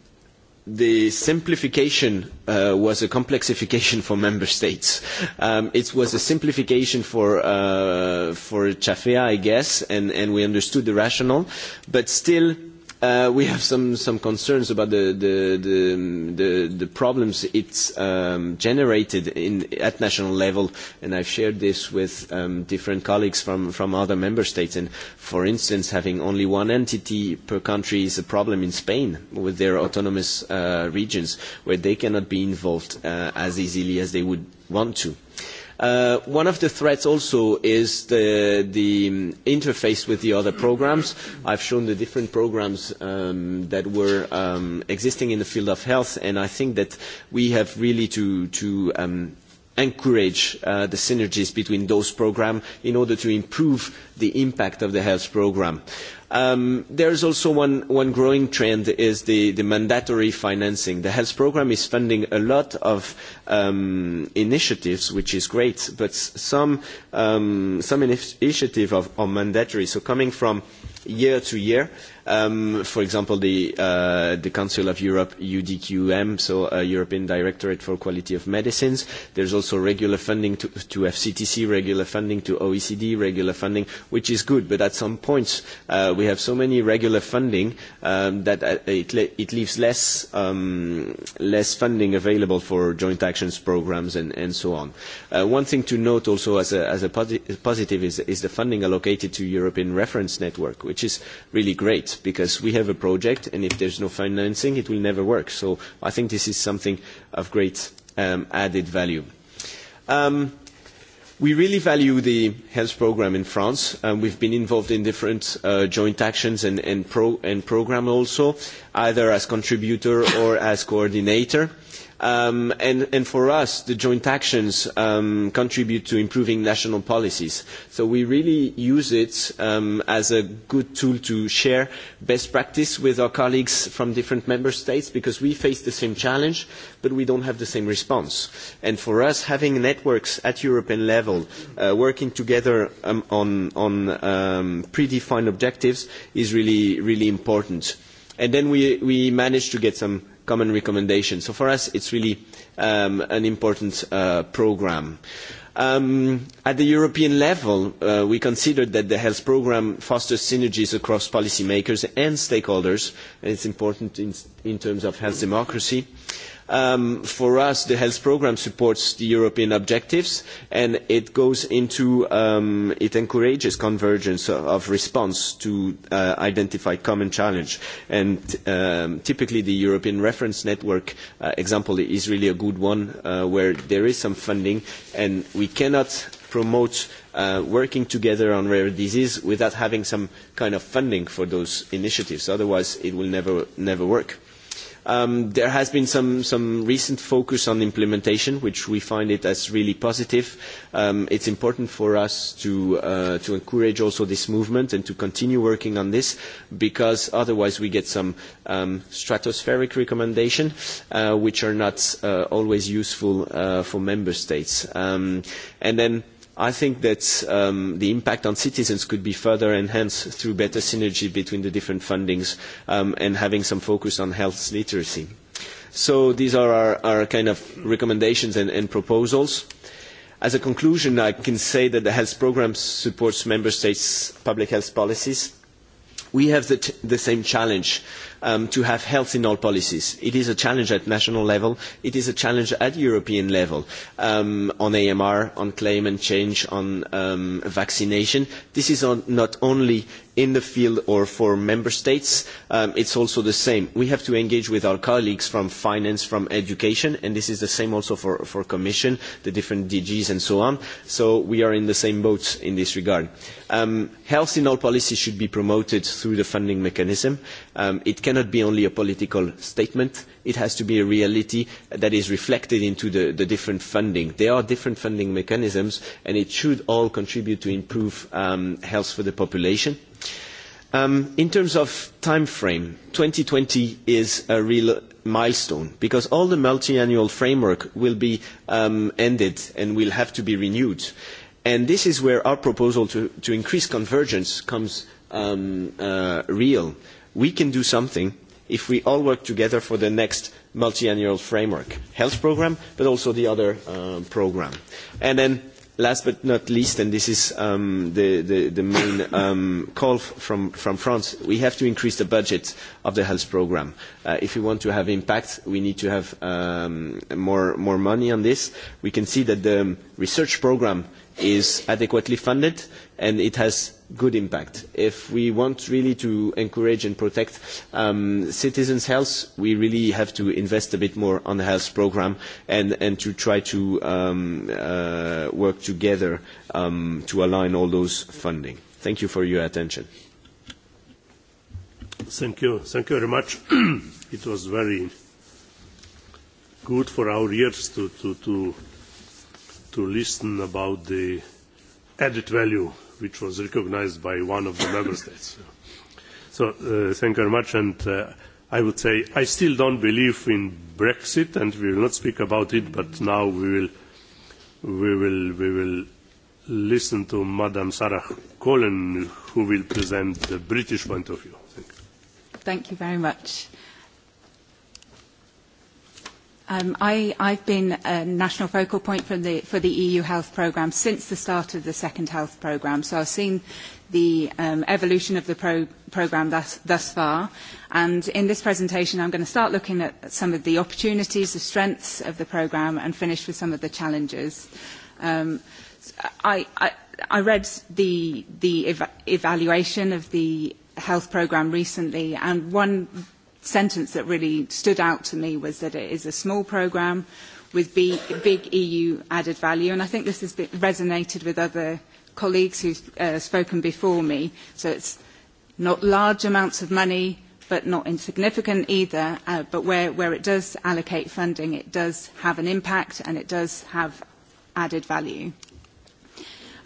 the simplification was a complexification for member states. It was a simplification for for Chafea, I guess, and and we understood the rationale, but still We have some some concerns about the the the problems it's generated at national level, and I've shared this with different colleagues from from other member states. And for instance, having only one entity per country is a problem in Spain with their autonomous regions, where they cannot be involved as easily as they would want to. One of the threats also is the interface with the other programs. I've shown the different programs that were existing in the field of health, and I think that we have really to encourage the synergies between those programmes in order to improve the impact of the health programme. There is also one growing trend is the mandatory financing. The health programme is funding a lot of initiatives, which is great, but some initiatives are mandatory, so coming from year to year For example, the Council of Europe (UDQM), so European Directorate for Quality of Medicines. There is also regular funding to FCTC, regular funding to OECD, regular funding, which is good. But at some points, we have so many regular funding that it leaves less funding available for joint actions programs and so on. One thing to note also as a positive is the funding allocated to European Reference Network, which is really great because we have a project and if there's no financing it will never work. So I think this is something of great added value. We really value the health program in France. We've been involved in different joint actions and program also, either as contributor or as coordinator and for us the joint actions contribute to improving national policies so we really use it as a good tool to share best practice with our colleagues from different member states because we face the same challenge but we don't have the same response and for us having networks at european level working together on predefined objectives is really really important and then we managed to get some common recommendation. So for us, it's really an important program. At the European level, we considered that the health programme fosters synergies across policymakers and stakeholders, and it's important in terms of health democracy. For us, the health programme supports the European objectives and it goes into it encourages convergence of response to identify common challenge. And typically, the European Reference Network example is really a good one, where there is some funding and we cannot promote working together on rare diseases without having some kind of funding for those initiatives. Otherwise, it will never work. There has been some recent focus on implementation, which we find it as really positive. It's important for us to encourage also this movement and to continue working on this, because otherwise we get some stratospheric recommendations, which are not always useful for member states. And then I think that the impact on citizens could be further enhanced through better synergy between the different fundings and having some focus on health literacy. So these are our kind of recommendations and proposals. As a conclusion, I can say that the health programme supports member states' public health policies. We have the same challenge to have health in all policies. It is a challenge at national level. It is a challenge at European level on AMR, on climate change, on vaccination. This is not only in the field or for member states. It's also the same. We have to engage with our colleagues from finance, from education, and this is the same also for Commission, the different DGs and so on. So we are in the same boat in this regard. Health in all policies should be promoted through the funding mechanism cannot be only a political statement. It has to be a reality that is reflected into the different funding. There are different funding mechanisms, and it should all contribute to improve health for the population. In terms of time frame, 2020 is a real milestone because all the multi-annual framework will be ended and will have to be renewed. And this is where our proposal to increase convergence comes real we can do something if we all work together for the next multiannual framework health programme, but also the other programme. And then last but not least, and this is the main call from France, we have to increase the budget of the health programme. If we want to have impact, we need to have more money on this. We can see that the research programme is adequately funded and it has good impact. If we want really to encourage and protect citizens' health, we really have to invest a bit more on the health programme and to try to work together to align all those funding. Thank you for your attention. Thank you. Thank you very much. It was very good for our ears to listen about the added value which was recognized by one of the member states. So thank you very much. And I would say I still don't believe in Brexit, and we will not speak about it. But now we will, we will, we will listen to Madam Sarah Colin, who will present the British point of view. Thank you very much. I I've been a national focal point for the EU Health Programme since the start of the second Health Programme, so I've seen the evolution of the programme thus far. And in this presentation, I'm going to start looking at some of the opportunities, the strengths of the programme, and finish with some of the challenges. I read the evaluation of the health programme recently, and one sentence that really stood out to me was that it is a small programme with big EU added value, and I think this has resonated with other colleagues who've spoken before me. So it's not large amounts of money, but not insignificant either, but where it does allocate funding, it does have an impact and it does have added value.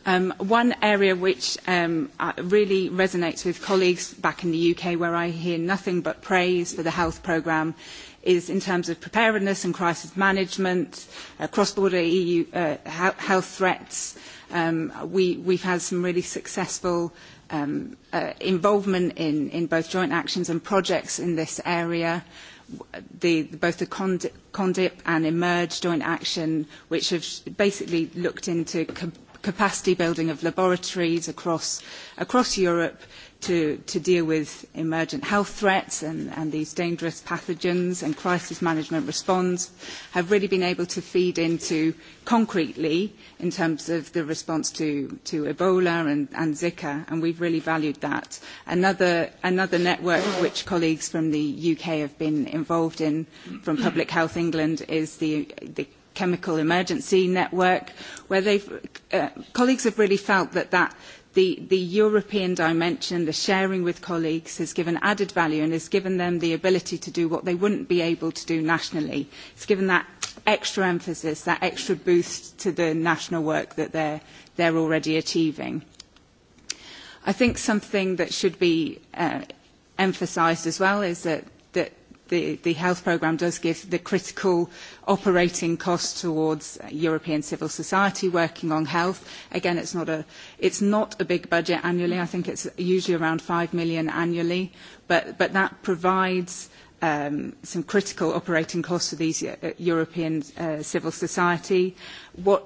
One area which really resonates with colleagues back in the UK, where I hear nothing but praise for the health programme, is in terms of preparedness and crisis management, cross-border EU health threats. we We've had some really successful involvement in both joint actions and projects in this area both the CONDIP and EMERGE joint action, which have basically looked into capacity building of laboratories across Europe to deal with emergent health threats and these dangerous pathogens and crisis management response have really been able to feed into concretely in terms of the response to Ebola and Zika, and we've really valued that. Another network which colleagues from the UK have been involved in from Public Health England is the chemical emergency network, where colleagues have really felt that the European dimension, the sharing with colleagues, has given added value and has given them the ability to do what they wouldn't be able to do nationally. It's given that extra emphasis, that extra boost to the national work that they're already achieving. I think something that should be emphasised as well is that the health programme does give the critical operating costs towards European civil society working on health. Again, it's not a it's not a big budget annually. I think it's usually around 5 million annually, but but that provides some critical operating costs for these European civil society. What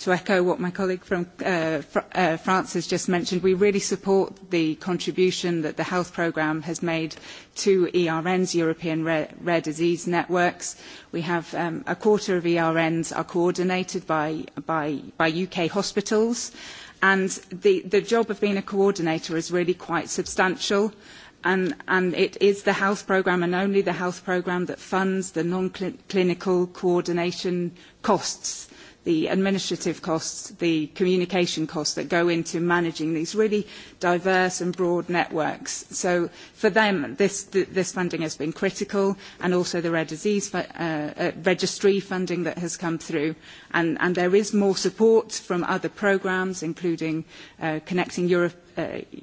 to echo what my colleague from France has just mentioned, we really support the contribution that the health programme has made to ERNs, European Rare Disease Networks. We have a quarter of ERNs are coordinated by UK hospitals, and the job of being a coordinator is really quite substantial and it is the health programme and only the health programme that funds the non clinical coordination costs the administrative costs, the communication costs that go into managing these really diverse and broad networks. So for them, this funding has been critical, and also the rare disease registry funding that has come through. And there is more support from other programmes, including Connecting Europe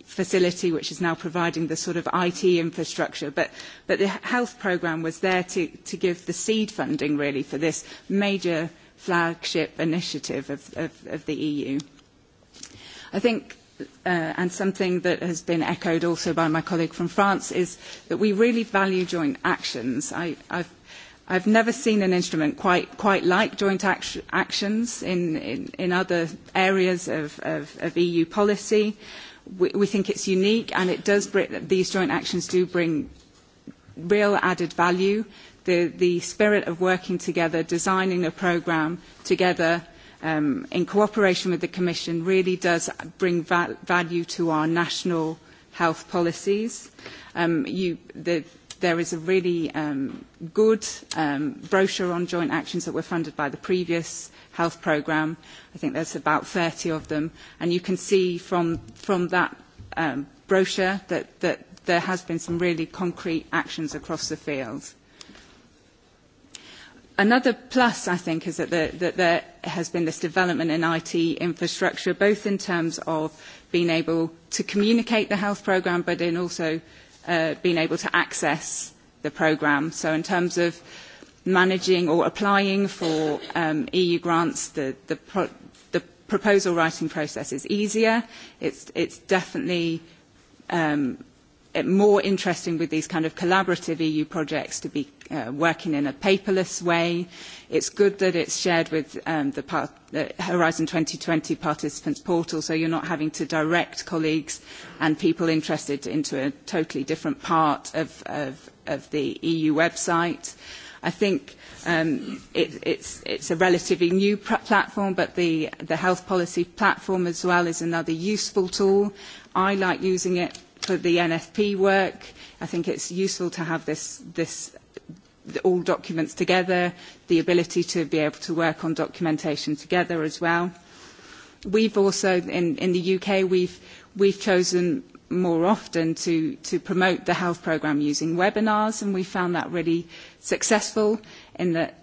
facility which is now providing the sort of IT infrastructure. But the health programme was there to give the seed funding really for this major flagship initiative of the EU. I think, and something that has been echoed also by my colleague from France, is that we really value joint actions. I've never seen an instrument quite like joint actions in other areas of EU policy. We think it's unique, and it does these joint actions do bring real added value the spirit of working together, designing a programme together in cooperation with the Commission really does bring value to our national health policies. There is a really good brochure on joint actions that were funded by the previous health programme. I think there's about 30 of them. And you can see from that brochure that there has been some really concrete actions across the field. Another plus, I think, is that there has been this development in IT infrastructure, both in terms of being able to communicate the health programme, but in also being able to access the programme. So in terms of managing or applying for EU grants, the proposal writing process is easier. It's definitely more interesting with these kind of collaborative EU projects to be working in a paperless way. It's good that it's shared with the Horizon 2020 participants portal, so you're not having to direct colleagues and people interested into a totally different part of the EU website. I think it's a relatively new platform, but the health policy platform as well is another useful tool. I like using it for the NFP work. I think it's useful to have this all documents together, the ability to be able to work on documentation together as well. We've also, in the UK, we've chosen more often to promote the health programme using webinars, and we found that really successful in that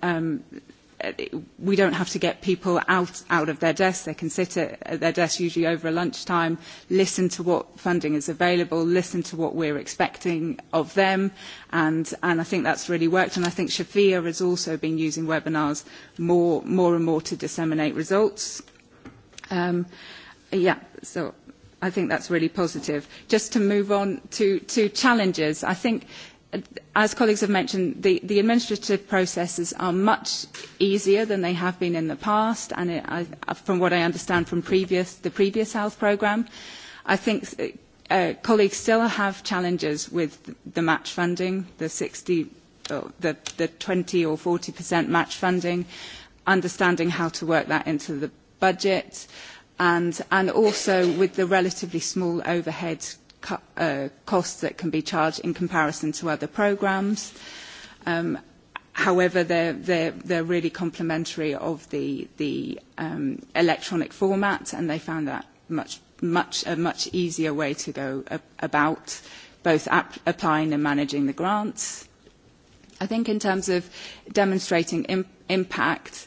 we don't have to get people out of their desks. They can sit at their desks usually over lunchtime, listen to what funding is available, listen to what we're expecting of them, and I think that's really worked. And I think Shafia has also been using webinars more and more to disseminate results. Yeah, so I think that's really positive. Just to move on to challenges, I think as colleagues have mentioned, the administrative processes are much easier than they have been in the past, and from what I understand from the previous health programme, I think colleagues still have challenges with the match funding, the the 20 or 40% match funding, understanding how to work that into the budget, and also with the relatively small overhead costs that can be charged in comparison to other programmes. However, they're really complementary of the electronic format, and they found that a much easier way to go about both applying and managing the grants. I think in terms of demonstrating impact,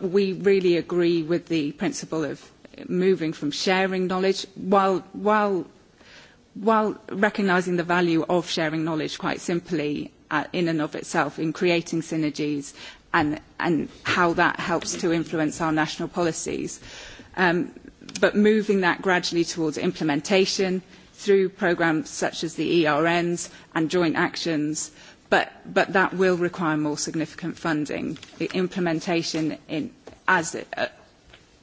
we really agree with the principle of moving from sharing knowledge while recognising the value of sharing knowledge quite simply in and of itself in creating synergies and how that helps to influence our national policies. But moving that gradually towards implementation through programmes such as the ERNs and joint actions, but that will require more significant funding. The implementation as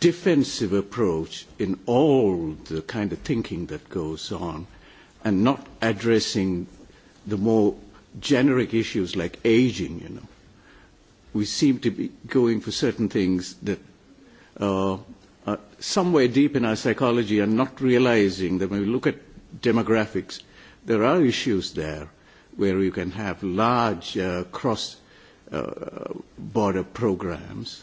defensive approach in all the kind of thinking that goes on and not addressing the more generic issues like aging, you know. We seem to be going for certain things that are somewhere deep in our psychology and not realizing that when we look at demographics, there are issues there where you can have large cross-border programs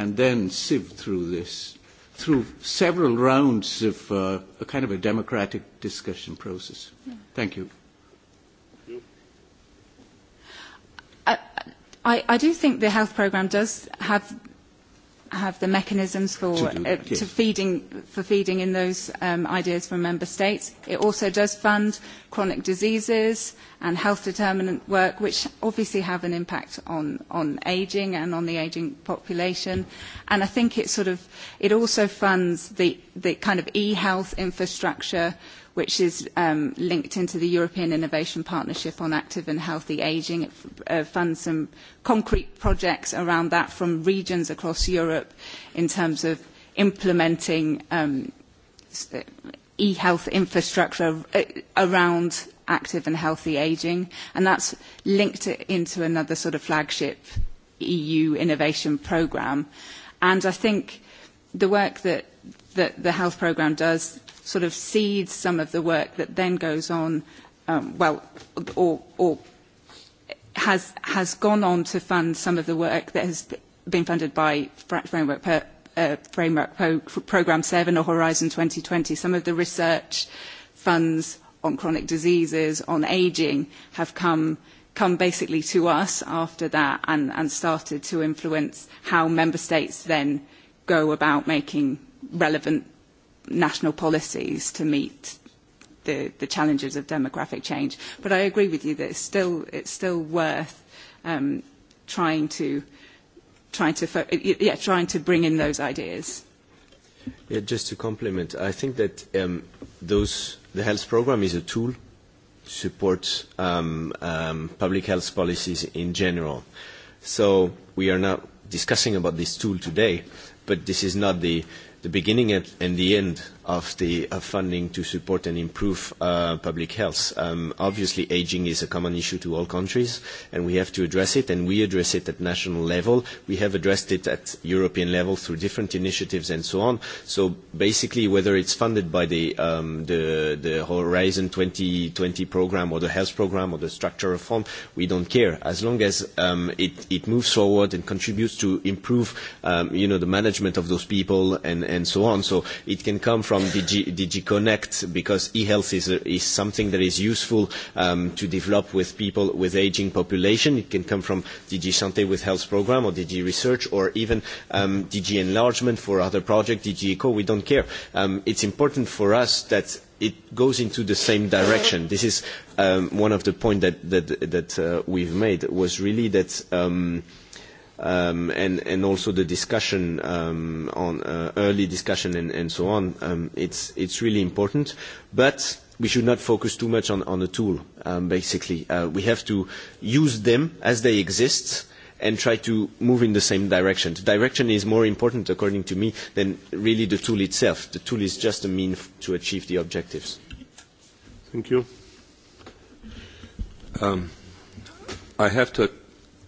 and then sift through this through several rounds of a kind of a democratic discussion process. Thank you. I do think the health programme does have have the mechanisms for feeding for feeding in those ideas from member states it also does fund chronic diseases and health determinant work which obviously have an impact on on aging and on the ageing population and i think it sort of it also funds the the kind of e health infrastructure which is linked into the European Innovation Partnership on Active and Healthy Aging. It funds some concrete projects around that from regions across Europe in terms of implementing e-health infrastructure around active and healthy aging. And that's linked into another sort of flagship EU innovation programme. And I think the work that the health programme does sort of seeds some of the work that then goes on, well, or has has gone on to fund some of the work that has been funded by Framework framework programme 7 or horizon 2020 some of the research funds on chronic diseases on ageing, have come come basically to us after that and started to influence how member states then go about making relevant national policies to meet the the challenges of demographic change. But I agree with you that it's still it's still worth trying to trying to yeah trying to bring in those ideas. Yeah, just to complement, I think that those the health program is a tool to support public health policies in general. So we are not discussing about this tool today, but this is not the the beginning and the end of the funding to support and improve public health. Obviously, aging is a common issue to all countries, and we have to address it, and we address it at national level. We have addressed it at European level through different initiatives and so on. So basically, whether it's funded by the Horizon 2020 program or the health program or the structural reform, we don't care. As long as it moves forward and contributes to improve the management of those people and so on. So it can come from from DG Connect because e-health is something that is useful to develop with people with aging population. It can come from DG Santé with health program or DG Research or even DG Enlargement for other projects, DG Eco. We don't care. It's important for us that it goes into the same direction. This is one of the points that we've made was really that and also the discussion on early discussion and so on, it's really important. But we should not focus too much on the tool, basically. We have to use them as they exist and try to move in the same direction. The direction is more important, according to me, than really the tool itself. The tool is just a means to achieve the objectives. Thank you. I have to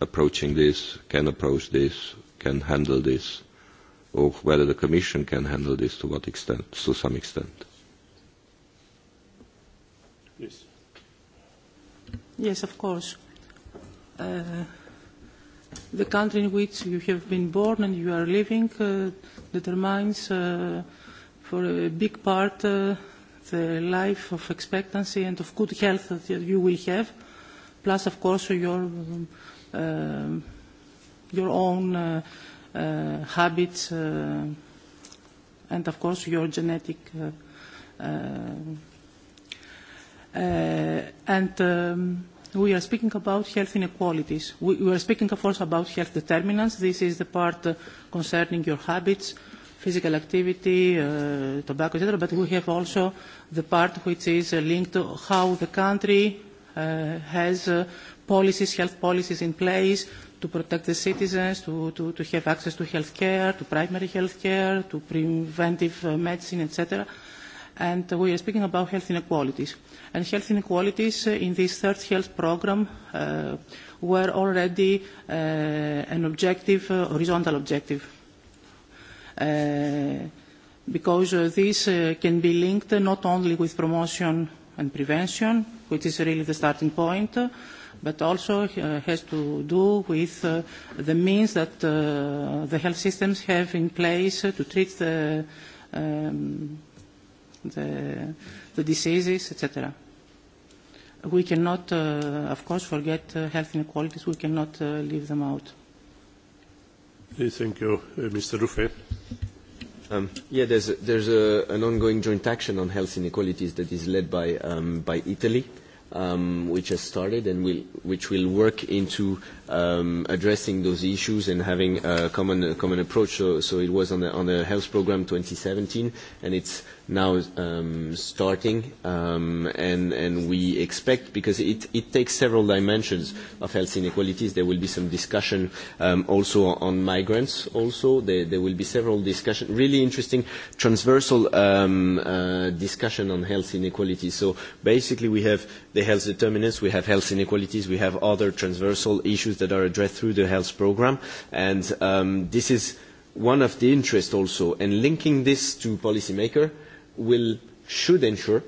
approaching this, can approach this, can handle this, or whether the Commission can handle this to what extent, to some extent. Yes. Yes, of course. The country in which you have been born and you are living determines for a big part the life of expectancy and of good health that you will have, plus, of course, your your own habits and of course your genetic and we are speaking about health inequalities we are speaking of course about health determinants this is the part concerning your habits physical activity tobacco etc but we have also the part which is linked to how the country has policies, health policies in place to protect the citizens, to have access to health care, to primary health care, to preventive medicine, etc. And we are speaking about health inequalities. And health inequalities in this third health programme were already an objective, horizontal objective, because this can be linked not only with promotion and prevention, which is really the starting point, but also has to do with the means that the health systems have in place to treat the diseases, etc. We cannot, of course, forget health inequalities. We cannot leave them out. Thank you. Mr. Ruffet. Yeah, there's an ongoing joint action on health inequalities that is led by Italy, which has started and which will work into addressing those issues and having a common approach. So it was on the health program 2017, and it's now starting, and we expect because it it takes several dimensions of health inequalities. There will be some discussion also on migrants. Also, there will be several discussion, really interesting transversal discussion on health inequalities. So basically, we have the health determinants, we have health inequalities, we have other transversal issues that are addressed through the health programme and this is one of the interests also and linking this to policymaker will should ensure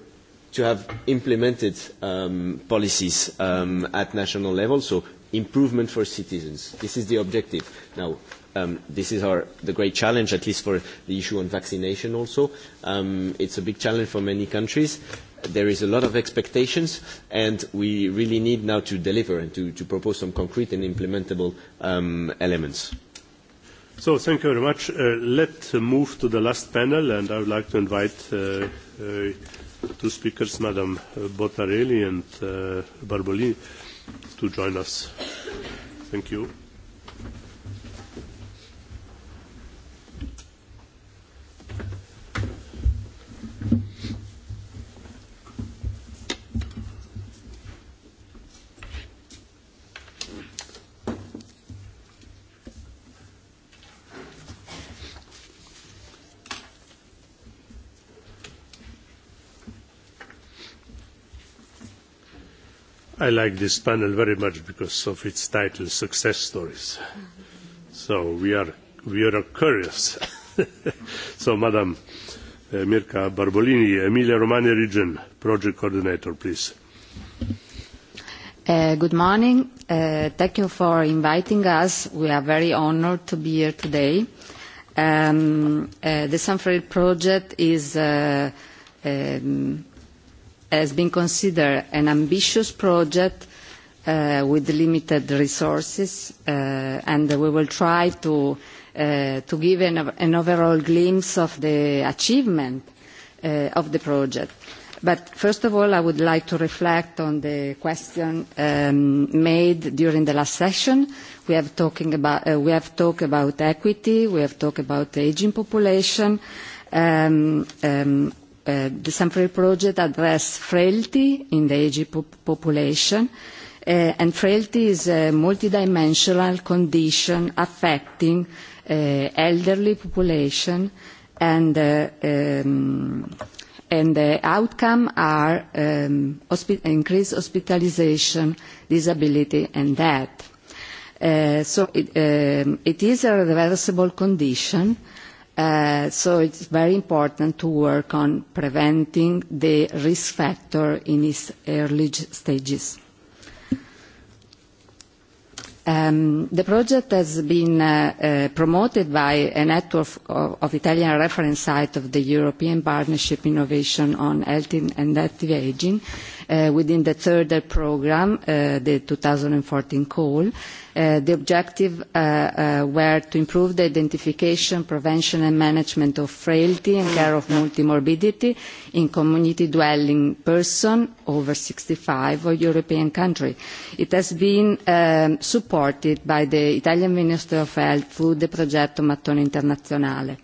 to have implemented policies at national level so improvement for citizens this is the objective now this is our the great challenge at least for the issue on vaccination also it's a big challenge for many countries there is a lot of expectations and we really need now to deliver and to propose some concrete and implementable elements. So thank you very much. Let's move to the last panel and I would like to invite two speakers, Madam Bottarelli and Barbolini, to join us. Thank you. I like this panel very much because of its title Success Stories. So we are we are curious. So Madam Mirka Barbolini, Emilia Romagna region, project coordinator, please. Good morning. Thank you for inviting us. We are very honored to be here today. The Sanfrail project is has been considered an ambitious project with limited resources and we will try to give an overall glimpse of the achievement of the project. But first of all I would like to reflect on the question made during the last session. We have talked about equity, we have talked about the ageing population. The sample project addresses frailty in the aging population, and frailty is a multidimensional condition affecting elderly population, and the outcome are increased hospitalization, disability and death. So it is a reversible condition So it is very important to work on preventing the risk factor in its early stages. The project has been promoted by a network of Italian reference sites of the European Partnership Innovation on Health and Active Aging within the third programme, the 2014 call. The objective were to improve the identification, prevention and management of frailty and care of multimorbidity in community-dwelling person over 65 of European country. It has been supported by the Italian Ministry of Health through the Progetto Mattone Internazionale.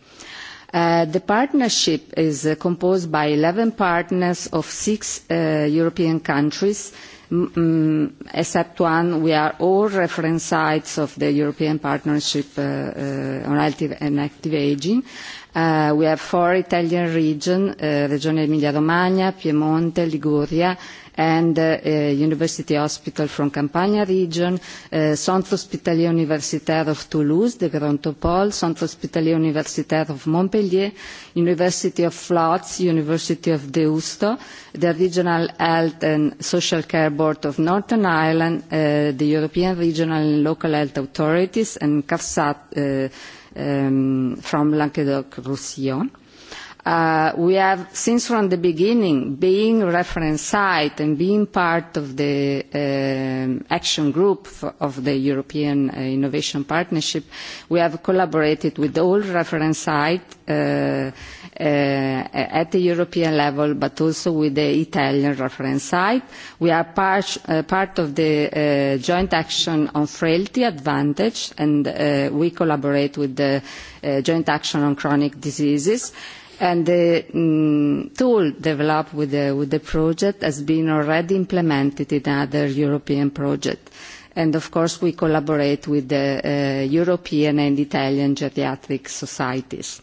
The partnership is composed by 11 partners of six European countries, except one. We are all reference sites of the European Partnership on Active and Active Aging. We have four Italian regions, Regione Emilia-Romagna, Piemonte, Liguria and University Hospital from Campania region, Centre Hospitalier Universitaire of Toulouse, the Grantopole, Centre Hospitalier Universitaire of Montpellier, University of Flots, University of Deusto, the Regional Health and Social Care Board of Northern Ireland, the European Regional and Local Health Authorities, and CARSAT from Languedoc-Roussillon. We have, since from the beginning, being reference site and being part of the action group of the European Innovation Partnership, we have collaborated with all reference sites at the European level, but also with the Italian reference site. We are part of the joint action on frailty advantage, and we collaborate with the joint action on chronic diseases and the tool developed with the project has been already implemented in other European projects. And of course we collaborate with the European and Italian geriatric societies.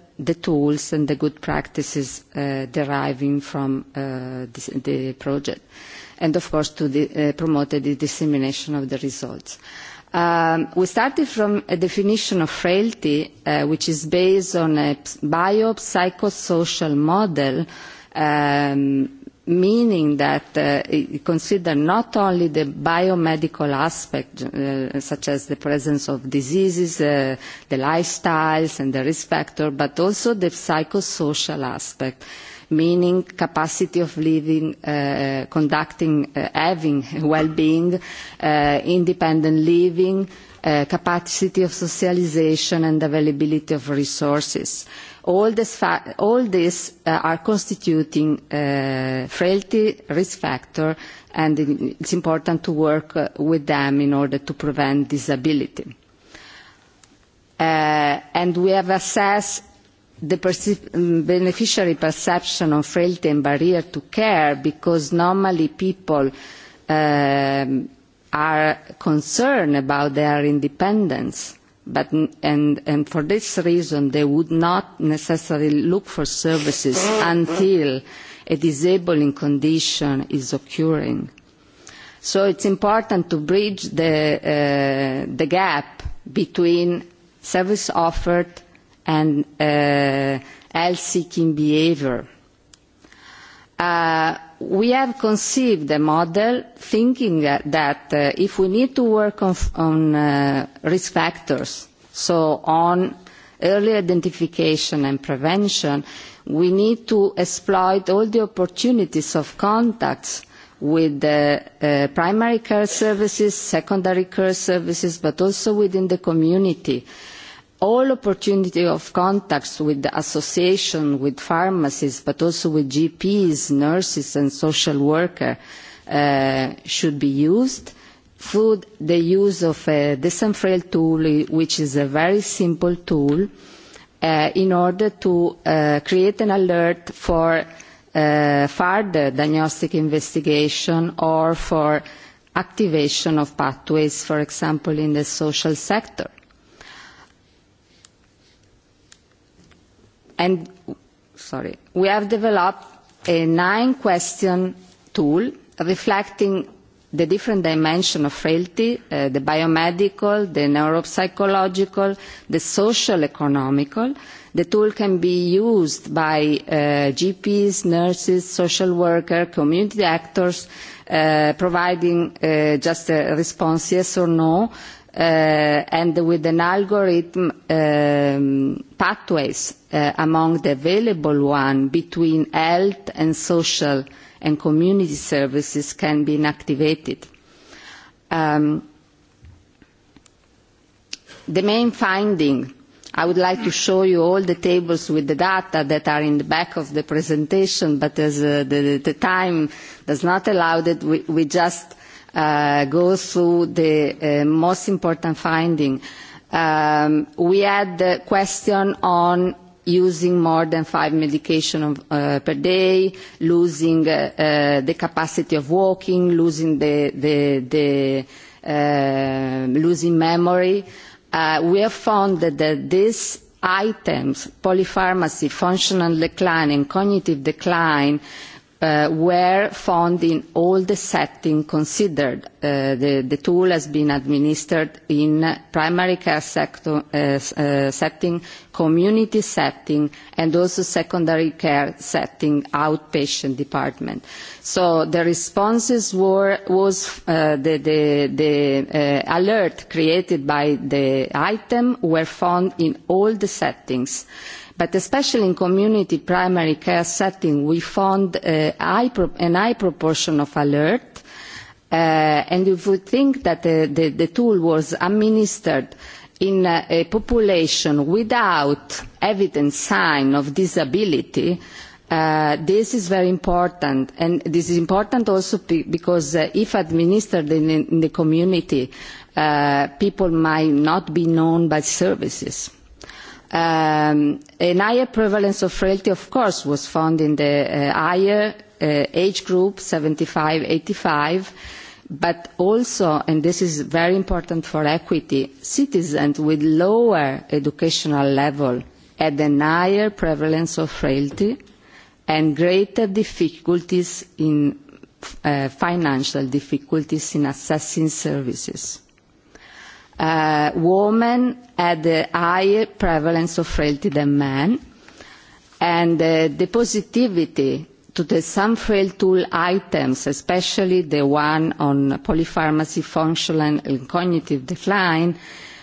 the tools and the good practices deriving from the project, and of course to promote the dissemination of the results. We started from a definition of frailty, which is based on a biopsychosocial model meaning that consider not only the biomedical aspect such as the presence of diseases the lifestyles and the risk factor but also the psychosocial aspect meaning capacity of living conducting having well being independent living capacity of socialisation and availability of resources All these are constituting frailty risk factor and it's important to work with them in order to prevent disability. And we have assessed the beneficiary perception of frailty and barrier to care because normally people are concerned about their independence and for this reason they would not necessarily look for services until a disabling condition is occurring. So it's important to bridge the gap between service offered and health-seeking behaviour we have conceived a model thinking that if we need to work on risk factors, so on early identification and prevention, we need to exploit all the opportunities of contacts with the primary care services, secondary care services, but also within the community all opportunity of contacts with the association, with pharmacists, but also with GPs, nurses and social workers should be used. Through the use of a disenfrail tool, which is a very simple tool, in order to create an alert for further diagnostic investigation or for activation of pathways, for example, in the social sector and we have developed a nine question tool reflecting the different dimensions of frailty the biomedical the neuropsychological the social economical the tool can be used by gps nurses social workers community actors providing just a response yes or no and with an algorithm pathways among the available one between health and social and community services can be inactivated. The main finding, I would like to show you all the tables with the data that are in the back of the presentation, but as the time does not allow that, we just go through the most important finding. We had the question on using more than five medications per day, losing the capacity of walking, losing the losing memory. We have found that these items, polypharmacy, functional decline and cognitive decline, were found in all the settings considered. The tool has been administered in primary care setting community setting and also secondary care setting outpatient department. So the responses were was the the alert created by the item were found in all the settings. But especially in community primary care setting we found an high proportion of alert and if we think that the tool was administered in a population without evident sign of disability this is very important and this is important also because if administered in the community people might not be known by services. a higher prevalence of frailty of course was found in the higher age group seventy five eighty five but also and this is very important for equity citizens with lower educational level had a higher prevalence of frailty and greater difficulties in financial difficulties in accessing services. Women had a higher prevalence of frailty than men and the positivity to the some frail tool items, especially the one on polypharmacy functional and cognitive decline,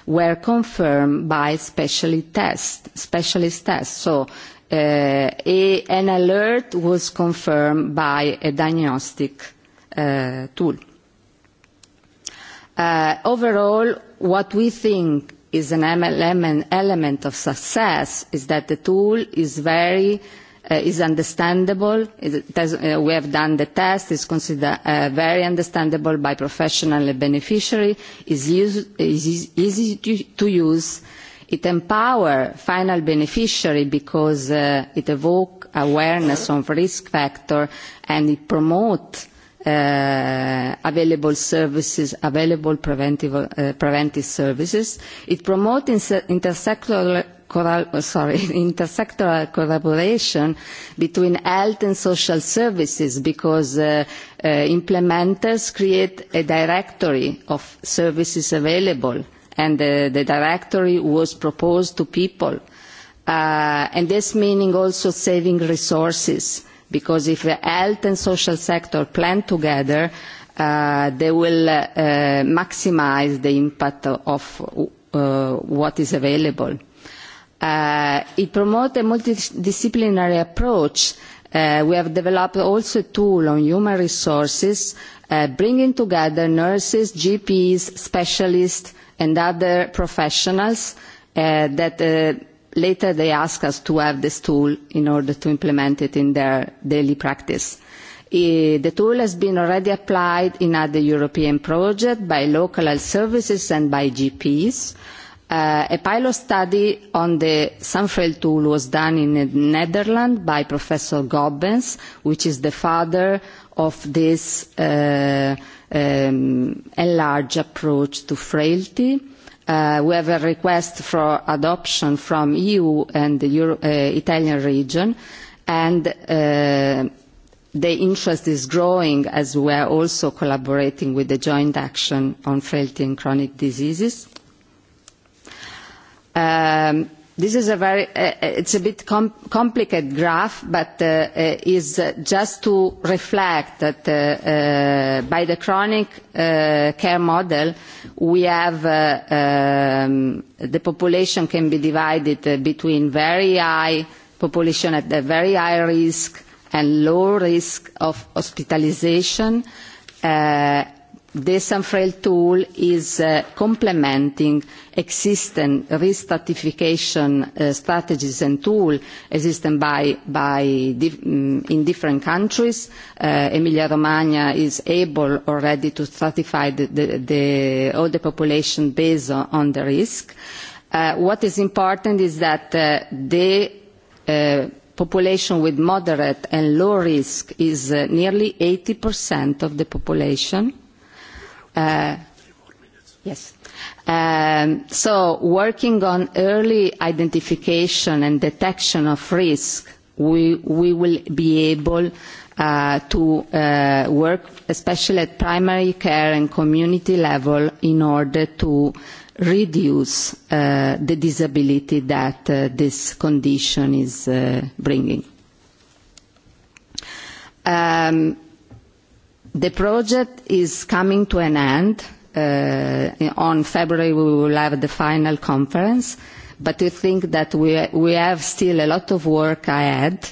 were confirmed by specialist tests. So an alert was confirmed by a diagnostic tool. Overall, what we think is an element of success is that the tool is very is understandable. We have done the test. It's considered very understandable by professional beneficiary. It's easy to use. It empowers final beneficiary because it evokes awareness of risk factor and it promotes available services, available preventive services. It promotes intersectoral sorry, intersectoral collaboration between health and social services because implementers create a directory of services available and the directory was proposed to people and this meaning also saving resources because if the health and social sector plan together they will maximize the impact of what is available It promotes a multidisciplinary approach. We have developed also a tool on human resources, bringing together nurses, GPs, specialists and other professionals that later they ask us to have this tool in order to implement it in their daily practice. The tool has been already applied in other European projects by local health services and by GPs. A pilot study on the Sunfield tool was done in the Netherlands by Professor Gobbens, which is the father of this enlarged approach to frailty. We have a request for adoption from EU and the Italian region, and the interest is growing as we are also collaborating with the Joint Action on Frailty and Chronic Diseases. This is a very, it's a bit complicated graph, but is just to reflect that by the chronic care model, we have the population can be divided between very high population at a very high risk and low risk of hospitalization This MFREL tool is complementing existing risk stratification strategies and tools existing in different countries. Emilia-Romagna is able already to stratify all the population based on the risk. What is important is that the population with moderate and low risk is nearly 80% of the population Yes. So working on early identification and detection of risk, we will be able to work especially at primary care and community level in order to reduce the disability that this condition is bringing The project is coming to an end. On February we will have the final conference, but we think that we have still a lot of work ahead.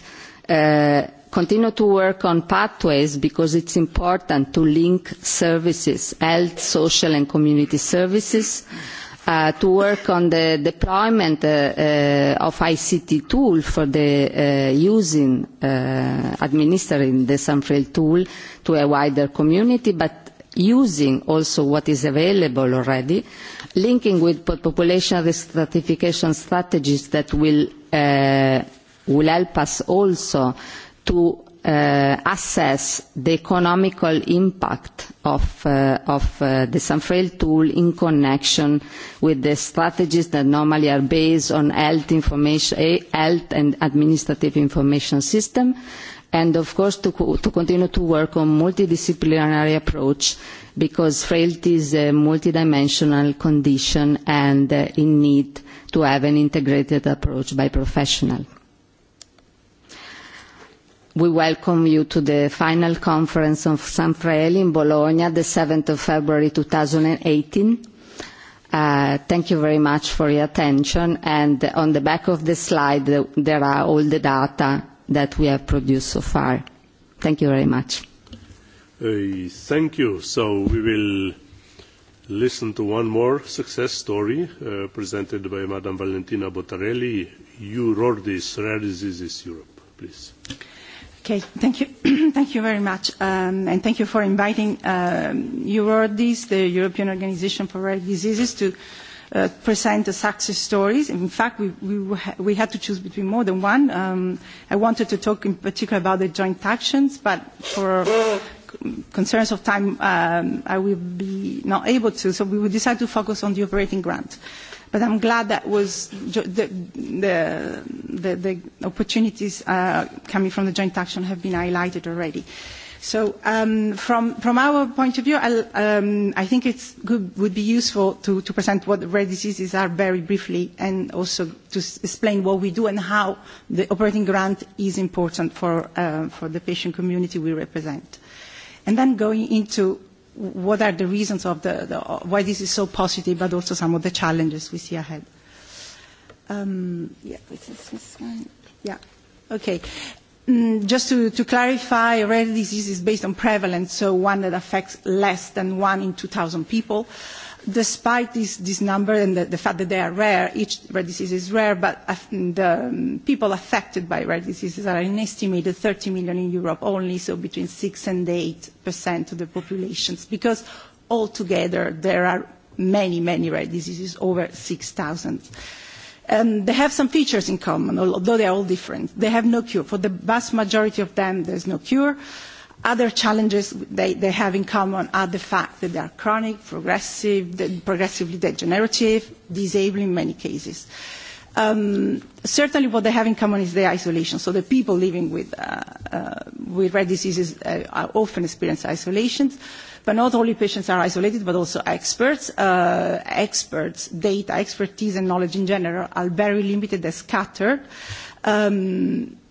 Continue to work on pathways because it's important to link services, health, social and community services to work on the deployment of ICT tool for the using, administering the Sanfrail tool to a wider community, but using also what is available already, linking with population stratification strategies that will help us also to assess the economical impact of the Sanfrail tool in connection with the strategies that normally are based on health and administrative information system and of course to continue to work on multidisciplinary approach because frailty is a multidimensional condition and in need to have an integrated approach by professionals. We welcome you to the final conference of San Fraeli in Bologna, the 7th of February 2018. Thank you very much for your attention. And on the back of the slide, there are all the data that we have produced so far. Thank you very much. Thank you. So we will listen to one more success story presented by Madam Valentina Bottarelli. You wrote this, Rare Diseases Europe, please. Okay, thank you. Thank you very much. And thank you for inviting EuroRDIS, the European Organization for Rare Diseases, to present the success stories. In fact, we had to choose between more than one. I wanted to talk in particular about the joint actions, but for concerns of time, I will be not able to. So we will decide to focus on the operating grant. But I'm glad that was the opportunities coming from the joint action have been highlighted already. So from our point of view, I think it would be useful to present what rare diseases are very briefly and also to explain what we do and how the operating grant is important for the patient community we represent. And then going into what are the reasons of the why this is so positive, but also some of the challenges we see ahead. Yeah, yeah, okay. Just to clarify, rare disease is based on prevalence, so one that affects less than one in 2,000 people despite this number and the fact that they are rare, each rare disease is rare, but the people affected by rare diseases are an estimated 30 million in Europe only, so between 6 and 8% of the populations, because altogether there are many, many rare diseases, over 6,000. They have some features in common, although they are all different. They have no cure. For the vast majority of them, there is no cure other challenges they have in common are the fact that they are chronic, progressive, progressively degenerative, disabling in many cases. Certainly what they have in common is their isolation. So the people living with with rare diseases often experience isolation, But not only patients are isolated, but also experts. Experts, data, expertise and knowledge in general are very limited and scattered Um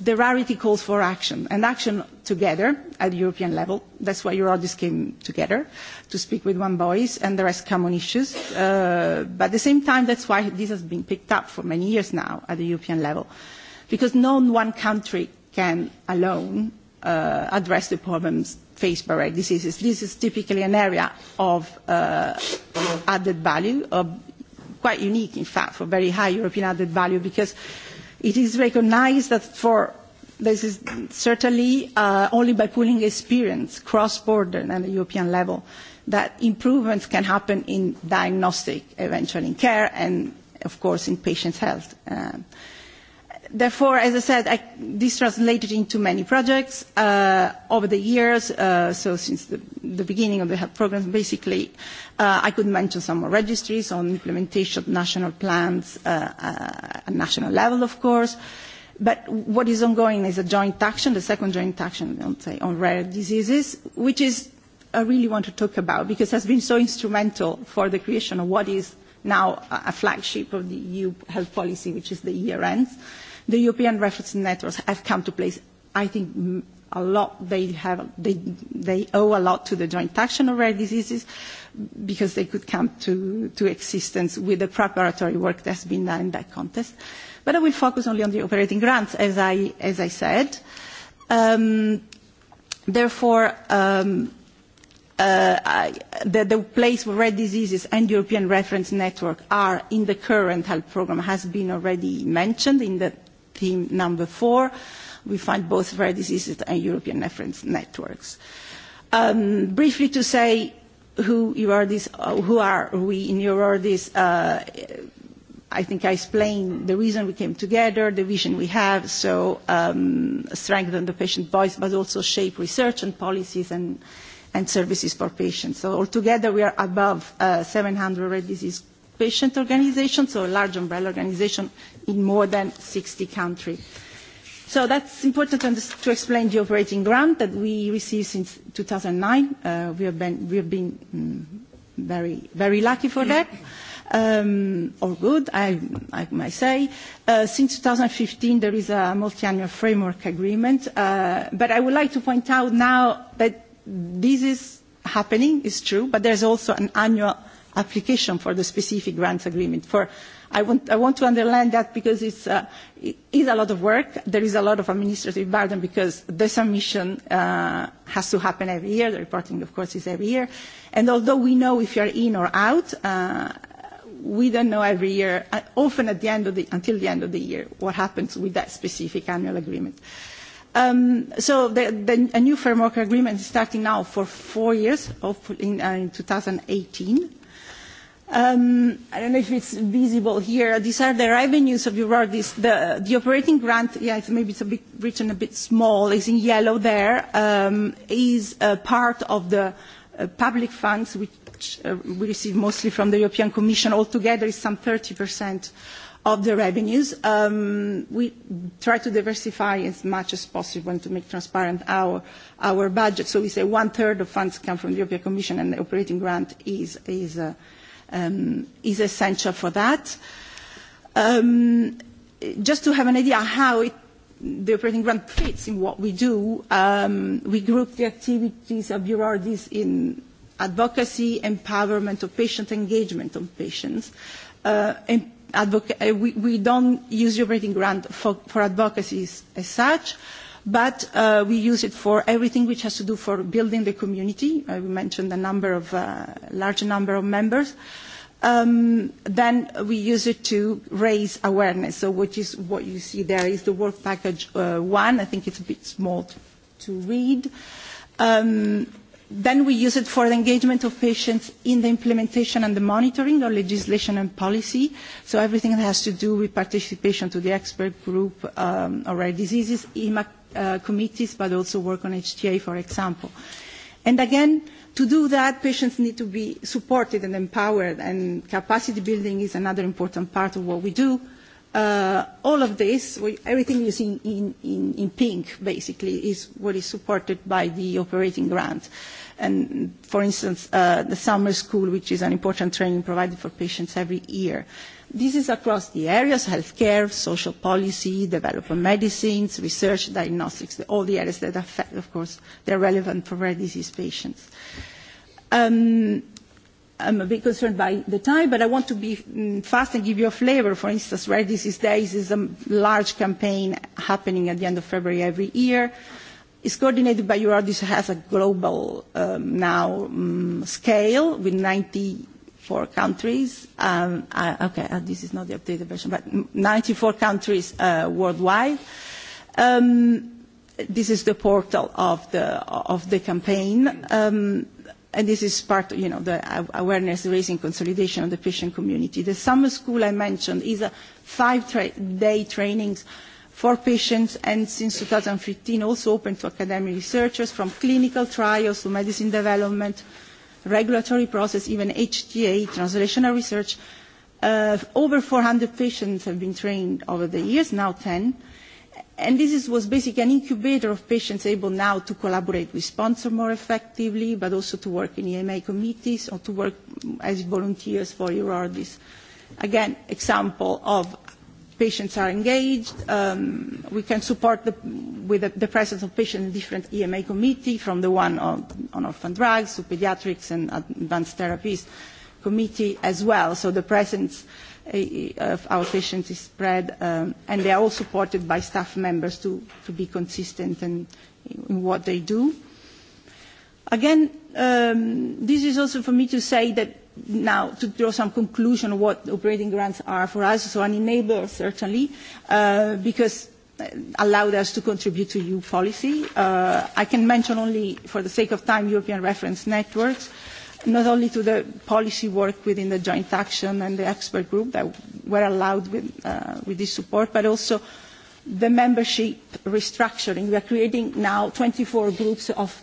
the rarity calls for action and action together at European level. That's why Eurodis came together to speak with one voice and the rest common issues. But at the same time, that's why this has been picked up for many years now at the European level, because no one country can alone address the problems faced by rare diseases. This is typically an area of added value, quite unique in fact, for very high European added value, because It is recognised that for this is certainly only by pooling experience cross border and at European level that improvements can happen in diagnostic, eventually in care and of course in patients' health. Therefore, as I said, this translated into many projects over the years. So since the beginning of the health program, basically, I could mention some more registries on implementation of national plans at national level, of course. But what is ongoing is a joint action, the second joint action, say, on rare diseases, which is I really want to talk about because it has been so instrumental for the creation of what is now a flagship of the EU health policy, which is the ERNs. The European reference networks have come to place, I think, a lot. They have, they owe a lot to the joint action of rare diseases, because they could come to existence with the preparatory work that's been done in that context. But I will focus only on the operating grants, as I as I said. Therefore, the place where rare diseases and European reference network are in the current health programme has been already mentioned in the theme number four. We find both rare diseases and European reference networks. Briefly to say who are we in uh I think I explained the reason we came together, the vision we have, so strengthen the patient voice, but also shape research and policies and services for patients. So altogether we are above 700 rare disease patient organizations, so a large umbrella organization in more than 60 countries. So that's important to explain the operating grant that we received since 2009. We have been very, very lucky for that, or good, I might say. Since 2015, there is a multi-annual framework agreement. But I would like to point out now that this is happening, it's true, but there's also an annual application for the specific grants agreement. For I want to underline that because it's it is a lot of work. There is a lot of administrative burden because the submission has to happen every year. The reporting, of course, is every year. And although we know if you are in or out, we don't know every year, often at the end of the until the end of the year, what happens with that specific annual agreement. So a new framework agreement is starting now for four years, in 2018 I don't know if it's visible here. These are the revenues of your The operating grant, yeah, maybe it's written a bit small, is in yellow there, is a part of the public funds which we receive mostly from the European Commission. Altogether is some 30% of the revenues. We try to diversify as much as possible and to make transparent our budget. So we say one third of funds come from the European Commission and the operating grant is is essential for that. Just to have an idea how the operating grant fits in what we do, we group the activities of URDs in advocacy, empowerment of patient engagement on patients. We don't use the operating grant for advocacy as such, but we use it for everything which has to do for building the community. We mentioned a number of large number of members. Then we use it to raise awareness. So which is what you see there is the work package one. I think it's a bit small to read. Then we use it for the engagement of patients in the implementation and the monitoring of legislation and policy. So everything that has to do with participation to the expert group on rare diseases, EMA committees, but also work on HTA, for example. And again, to do that, patients need to be supported and empowered, and capacity building is another important part of what we do. All of this, everything you see in pink, basically, is what is supported by the operating grant. And, for instance, the summer school, which is an important training provided for patients every year. This is across the areas, healthcare, social policy, development medicines, research, diagnostics, all the areas that affect, of course, are relevant for rare disease patients. I'm a bit concerned by the time, but I want to be fast and give you a flavor. For instance, Rare Disease Days is a large campaign happening at the end of February every year. It's coordinated by EuroDis, has a global now scale with 90 94 countries. Okay, this is not the updated version, but 94 countries worldwide. This is the portal of the campaign. And this is part, you know, the awareness raising consolidation of the patient community. The summer school I mentioned is a five-day training for patients and since 2015 also open to academic researchers from clinical trials to medicine development regulatory process, even HTA, translational research. Over 400 patients have been trained over the years, now 10. And this was basically an incubator of patients able now to collaborate with sponsors more effectively, but also to work in EMA committees or to work as volunteers for EURORDIS. Again, example of Patients are engaged. We can support with the presence of patients in different EMA committees, from the one on orphan drugs to pediatrics and advanced therapies committee as well. So the presence of our patients is spread, and they are all supported by staff members to be consistent in what they do. Again, this is also for me to say that now to draw some conclusion on what operating grants are for us, so an enabler certainly, because allowed us to contribute to EU policy. I can mention only, for the sake of time, European reference networks, not only to the policy work within the joint action and the expert group that were allowed with this support, but also the membership restructuring. We are creating now 24 groups of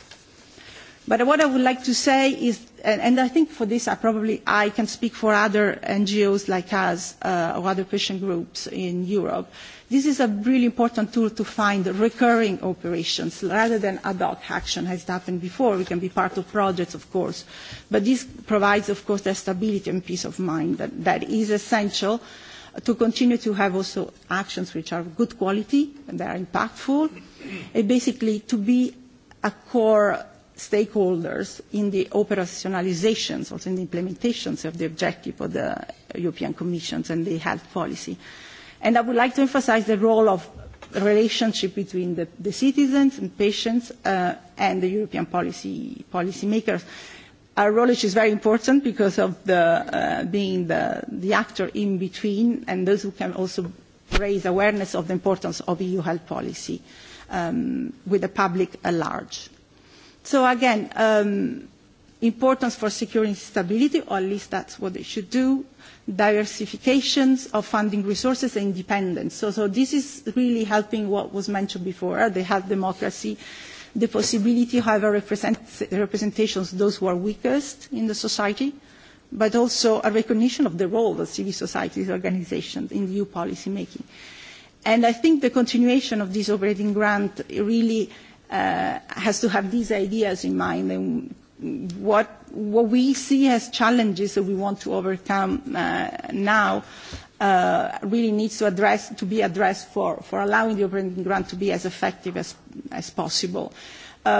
But what I would like to say is, and I think for this I probably I can speak for other NGOs like us or other patient groups in Europe, this is a really important tool to find recurring operations rather than ad hoc action has happened before. We can be part of projects, of course, but this provides, of course, the stability and peace of mind that is essential to continue to have also actions which are of good quality and they are impactful, and basically to be a core stakeholders in the operationalizations, also in the implementations of the objective of the European Commissions and the health policy. And I would like to emphasize the role of relationship between the citizens and patients and the European policy makers. Our role is very important because of being the actor in between and those who can also raise awareness of the importance of EU health policy with the public at large. So again, importance for securing stability, or at least that's what they should do, diversifications of funding resources and independence. So this is really helping what was mentioned before. the have democracy, the possibility however have representations those who are weakest in the society, but also a recognition of the role of civil society organisations in EU policy making. And I think the continuation of this operating grant really has to have these ideas in mind and what what we see as challenges that we want to overcome now really needs to address to be addressed for for allowing the operating grant to be as effective as as possible.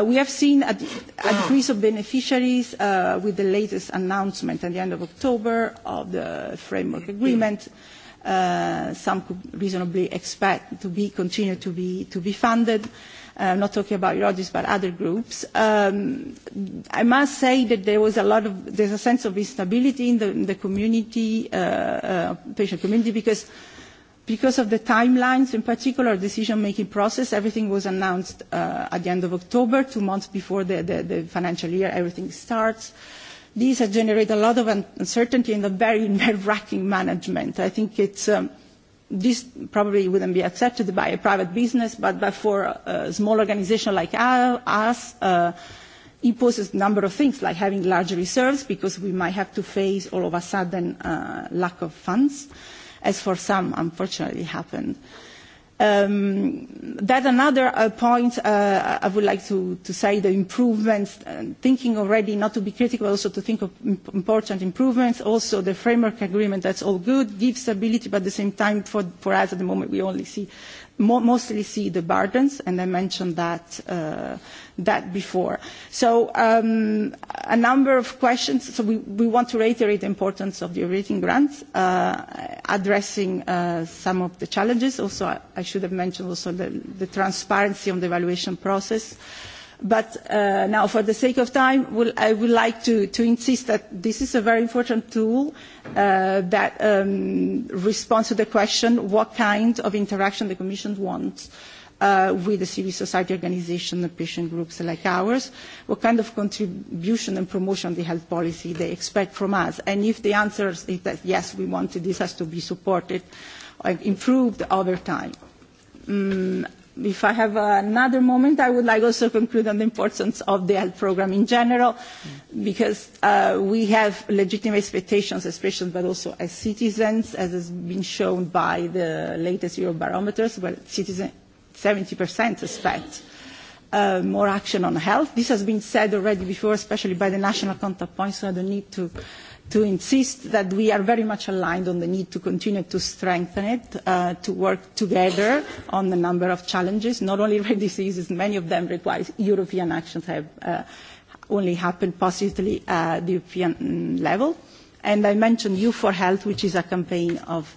We have seen a decrease of beneficiaries with the latest announcement at the end of October of the framework agreement. Some could reasonably expect to be continue to be to be funded. I'm not talking about urologists, but other groups. I must say that there was a lot of, there's a sense of instability in the community, patient community, because because of the timelines, in particular decision-making process, everything was announced at the end of October, two months before the financial year, everything starts. These have generated a lot of uncertainty in a very nerve-wracking management. I think it's This probably wouldn't be accepted by a private business, but for a small organization like us, it poses a number of things, like having large reserves, because we might have to face all of a sudden lack of funds, as for some unfortunately happened. That's another point I would like to say, the improvements, thinking already not to be critical, also to think of important improvements. Also the framework agreement, that's all good, gives stability, but at the same time for us at the moment we only see, mostly see the burdens, and I mentioned that that before. So a number of questions. So we want to reiterate the importance of the rating grants, addressing some of the challenges. Also, I should have mentioned also the transparency on the evaluation process. But now, for the sake of time, I would like to insist that this is a very important tool that responds to the question what kind of interaction the Commission wants with the civil society organization and patient groups like ours, what kind of contribution and promotion of the health policy they expect from us. And if the answer is that yes, we want this has to be supported and improved over time. If I have another moment, I would like also to conclude on the importance of the health program in general, because we have legitimate expectations, as patients but also as citizens, as has been shown by the latest Eurobarometers, where citizens 70% expect more action on health. This has been said already before, especially by the national contact points, so I don't need to insist that we are very much aligned on the need to continue to strengthen it, to work together on the number of challenges, not only rare diseases, many of them require European actions have only happened positively at the European level. And I mentioned You for Health, which is a campaign of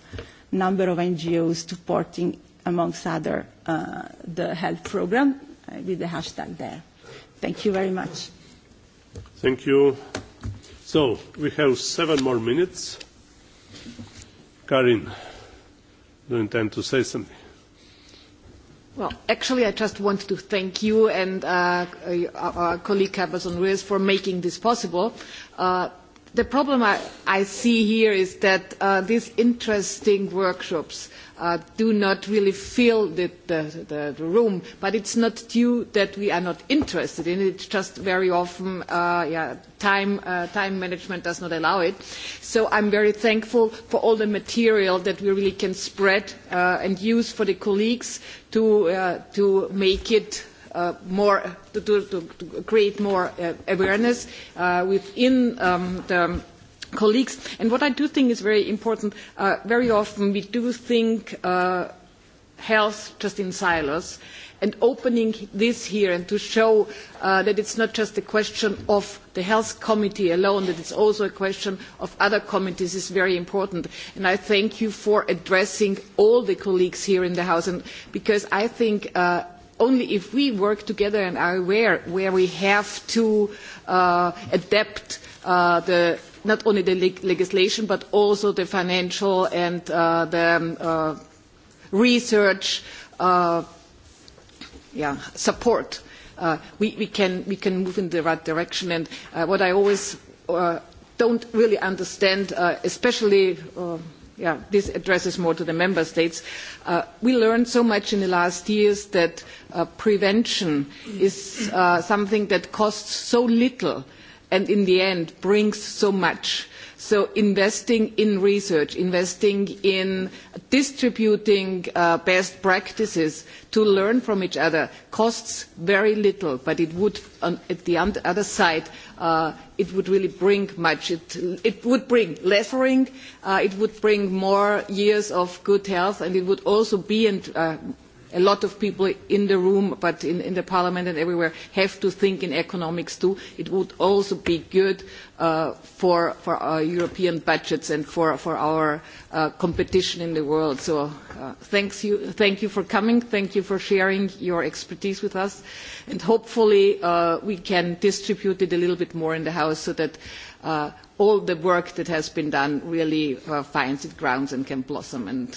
a number of NGOs supporting amongst other, the health program with the hashtag there. Thank you very much. Thank you. So we have seven more minutes. Karin, do you intend to say something? Well, actually, I just want to thank you and our colleague Cabazon Ruiz for making this possible The problem I see here is that these interesting workshops do not really fill the room, but it's not due that we are not interested in it. It's just very often time management does not allow it. So I'm very thankful for all the material that we really can spread and use for the colleagues to make it more to create more awareness within the colleagues. And what I do think is very important, very often we do think health just in silos, and opening this here and to show that it's not just a question of the health committee alone, that it's also a question of other committees is very important. And I thank you for addressing all the colleagues here in the House, because I think only if we work together and are aware where we have to adapt not only the legislation but also the financial and the research support we can move in the right direction and what i always don't really understand especially this addresses more to the member states. We learned so much in the last years that prevention is something that costs so little and in the end brings so much. So investing in research, investing in distributing best practices to learn from each other costs very little, but it would, at the other side, it would really bring much. It would bring lessering, it would bring more years of good health, and it would also be, a lot of people in the room, but in the Parliament and everywhere, have to think in economics too. It would also be good for our European budgets and for our competition in the world. So thank you for coming. Thank you for sharing your expertise with us. And hopefully we can distribute it a little bit more in the House so that all the work that has been done really finds its grounds and can blossom. And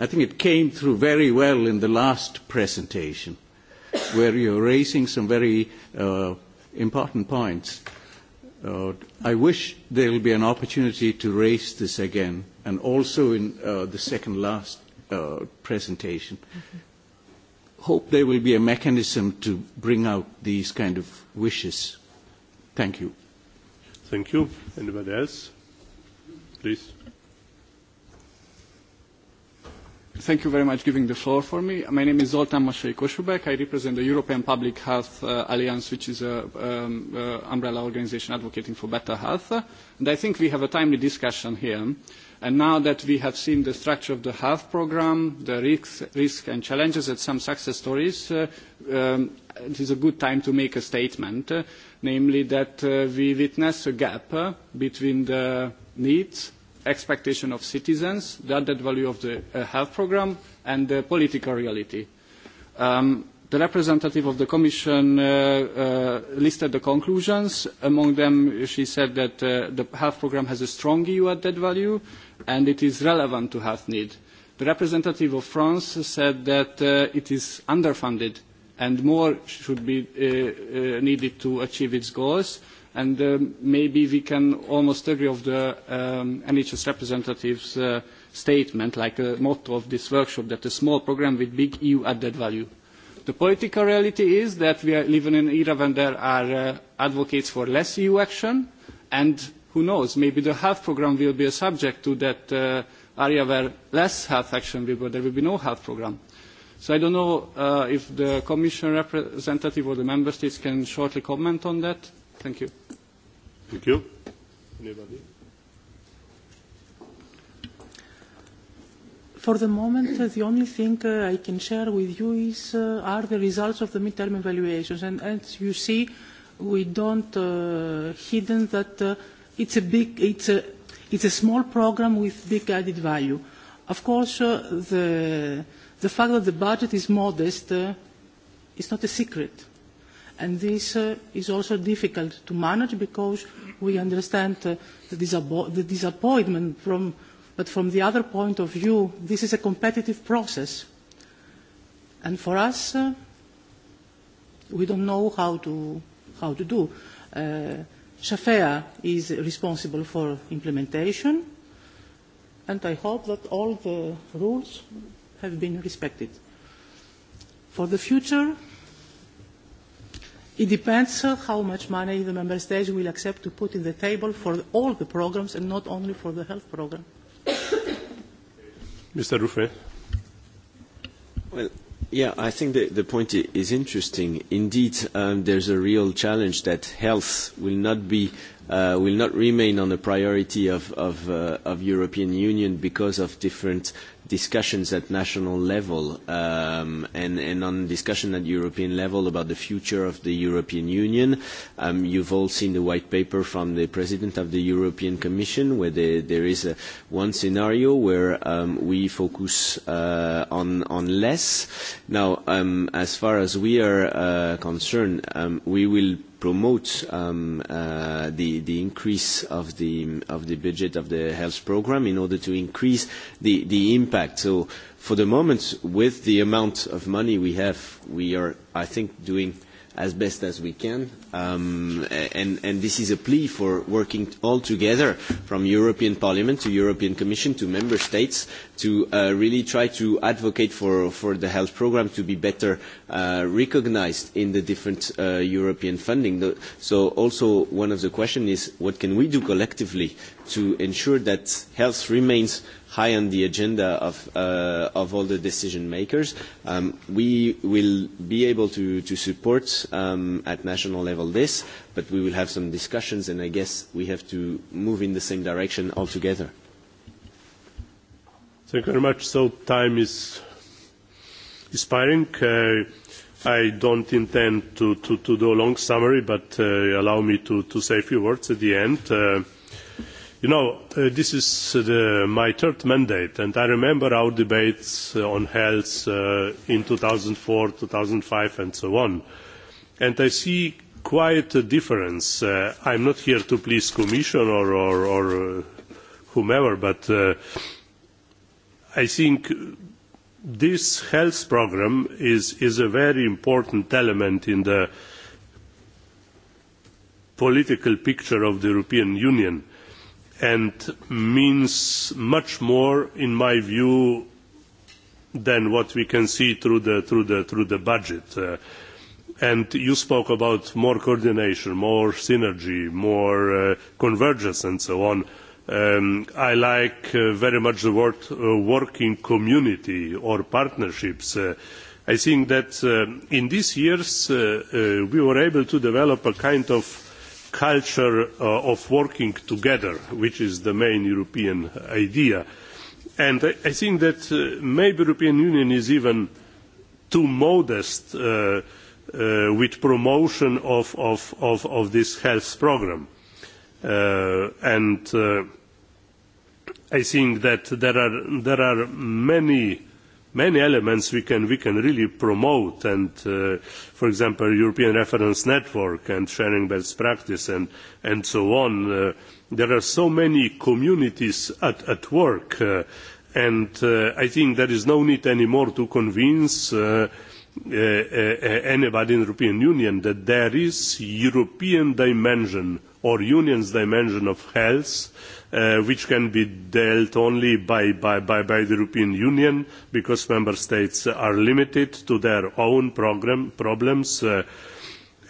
I think it came through very well in the last presentation, where you're raising some very important points. I wish there will be an opportunity to raise this again, and also in the second last presentation. Hope there will be a mechanism to bring out these kind of wishes. Thank you. Thank you. Anybody else? Please. Thank you very much for giving the floor for me. My name is Zoltán Masai I represent the European Public Health Alliance, which is an umbrella organization advocating for better health. And I think we have a timely discussion here. And now that we have seen the structure of the health program, the risks and challenges and some success stories, it is a good time to make a statement, namely that we witness a gap between the needs expectation of citizens, the added value of the health programme and the political reality. The representative of the Commission listed the conclusions. Among them, she said that the health programme has a strong EU added value and it is relevant to health need. The representative of France said that it is underfunded and more should be needed to achieve its goals and maybe we can almost agree of the NHS representatives' statement, like a motto of this workshop, that a small programme with big EU added value. The political reality is that we are live in an era when there are advocates for less EU action, and who knows, maybe the health programme will be a subject to that area where less health action will be, but there will be no health programme. So I don't know if the Commission representative or the Member States can shortly comment on that. Thank you. Thank you. For the moment, the only thing I can share with you is are the results of the midterm evaluations. And as you see, we don't hidden that it's a big, it's a, it's a small program with big added value. Of course, the the fact that the budget is modest is not a secret and this is also difficult to manage because we understand the disappointment from but from the other point of view this is a competitive process and for us we don't know how to how to do Shafea is responsible for implementation and I hope that all the rules have been respected for the future It depends how much money the member states will accept to put in the table for all the programs and not only for the health program. Mr. Ruffin. Well, yeah, I think the, point is interesting. Indeed, there's a real challenge that health will not be will not remain on the priority of, of, European Union because of different discussions at national level and on discussion at European level about the future of the European Union. You've all seen the white paper from the President of the European Commission where there is one scenario where we focus on less. Now, as far as we are concerned, we will promote the increase of the budget of the health program in order to increase the impact. So for the moment, with the amount of money we have, we are, I think, doing as best as we can. And this is a plea for working all together from European Parliament to European Commission to Member States to really try to advocate for the health programme to be better recognised in the different European funding. So also one of the questions is what can we do collectively to ensure that health remains high on the agenda of of all the decision makers. We will be able to to support at national level this, but we will have some discussions and I guess we have to move in the same direction altogether. Thank you very much. So time is expiring. I don't intend to do a long summary, but allow me to say a few words at the end. You know, this is my third mandate, and I remember our debates on health in 2004, 2005, and so on. And I see quite a difference. I am not here to please Commission or whomever, but I think this health programme is a very important element in the political picture of the European Union and means much more in my view than what we can see through the budget. And you spoke about more coordination, more synergy, more convergence and so on. I like very much the word working community or partnerships. I think that in these years we were able to develop a kind of culture of working together, which is the main European idea. And I think that maybe the European Union is even too modest with promotion of this health programme. And I think that there are many many elements we can really promote and for example european reference network and sharing best practice and so on there are so many communities at work and i think there is no need anymore to convince anybody in the european union that there is a european dimension or unions dimension of health which can be dealt only by the European Union because member states are limited to their own problems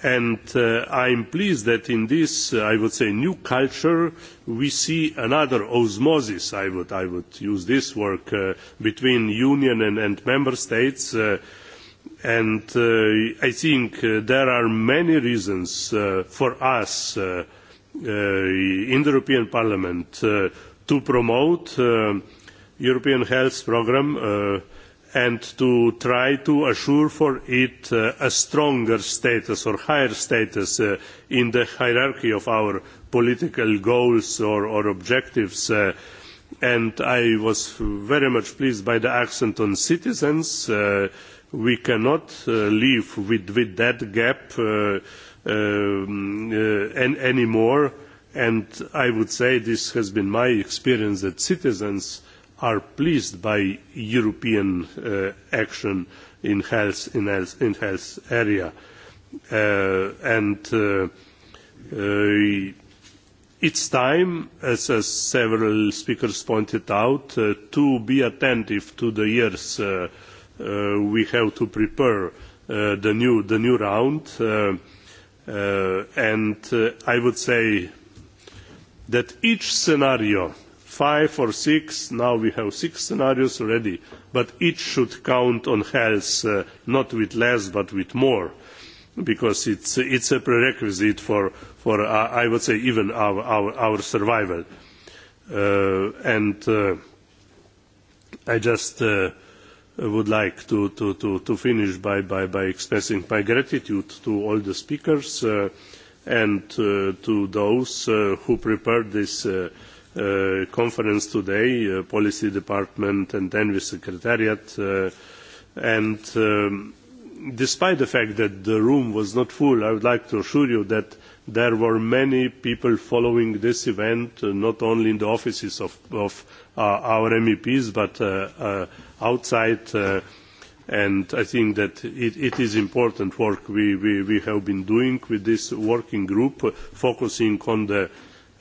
and I am pleased that in this I would say new culture we see another osmosis I would use this work between union and member states and I think there are many reasons for us in the European Parliament to promote the European Health Programme and to try to assure for it a stronger status or higher status in the hierarchy of our political goals or objectives. And I was very much pleased by the accent on citizens. We cannot live with that gap anymore and i would say this has been my experience that citizens are pleased by european action in health health area and it's time as several speakers pointed out to be attentive to the years we have to prepare the new round and I would say that each scenario, five or six, now we have six scenarios already, but each should count on health, not with less but with more, because it's a prerequisite for, I would say, even our survival. And I just would like to finish by expressing my gratitude to all the speakers and to those who prepared this conference today policy department and envi secretariat and despite the fact that the room was not full i would like to assure you that there were many people following this event not only in the offices of our meps but outside. And I think that it is important work we have been doing with this working group, focusing on the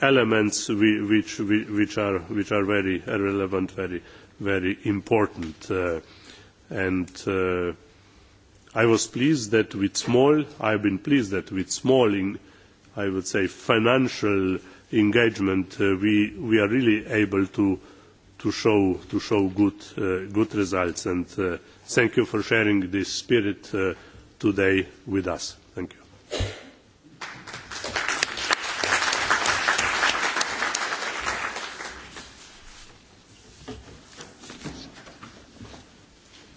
elements which are very relevant, very important. And I was pleased that with small, I have been pleased that with small, I would say, financial engagement, we are really able to to show to show good good results and thank you for sharing this spirit today with us thank you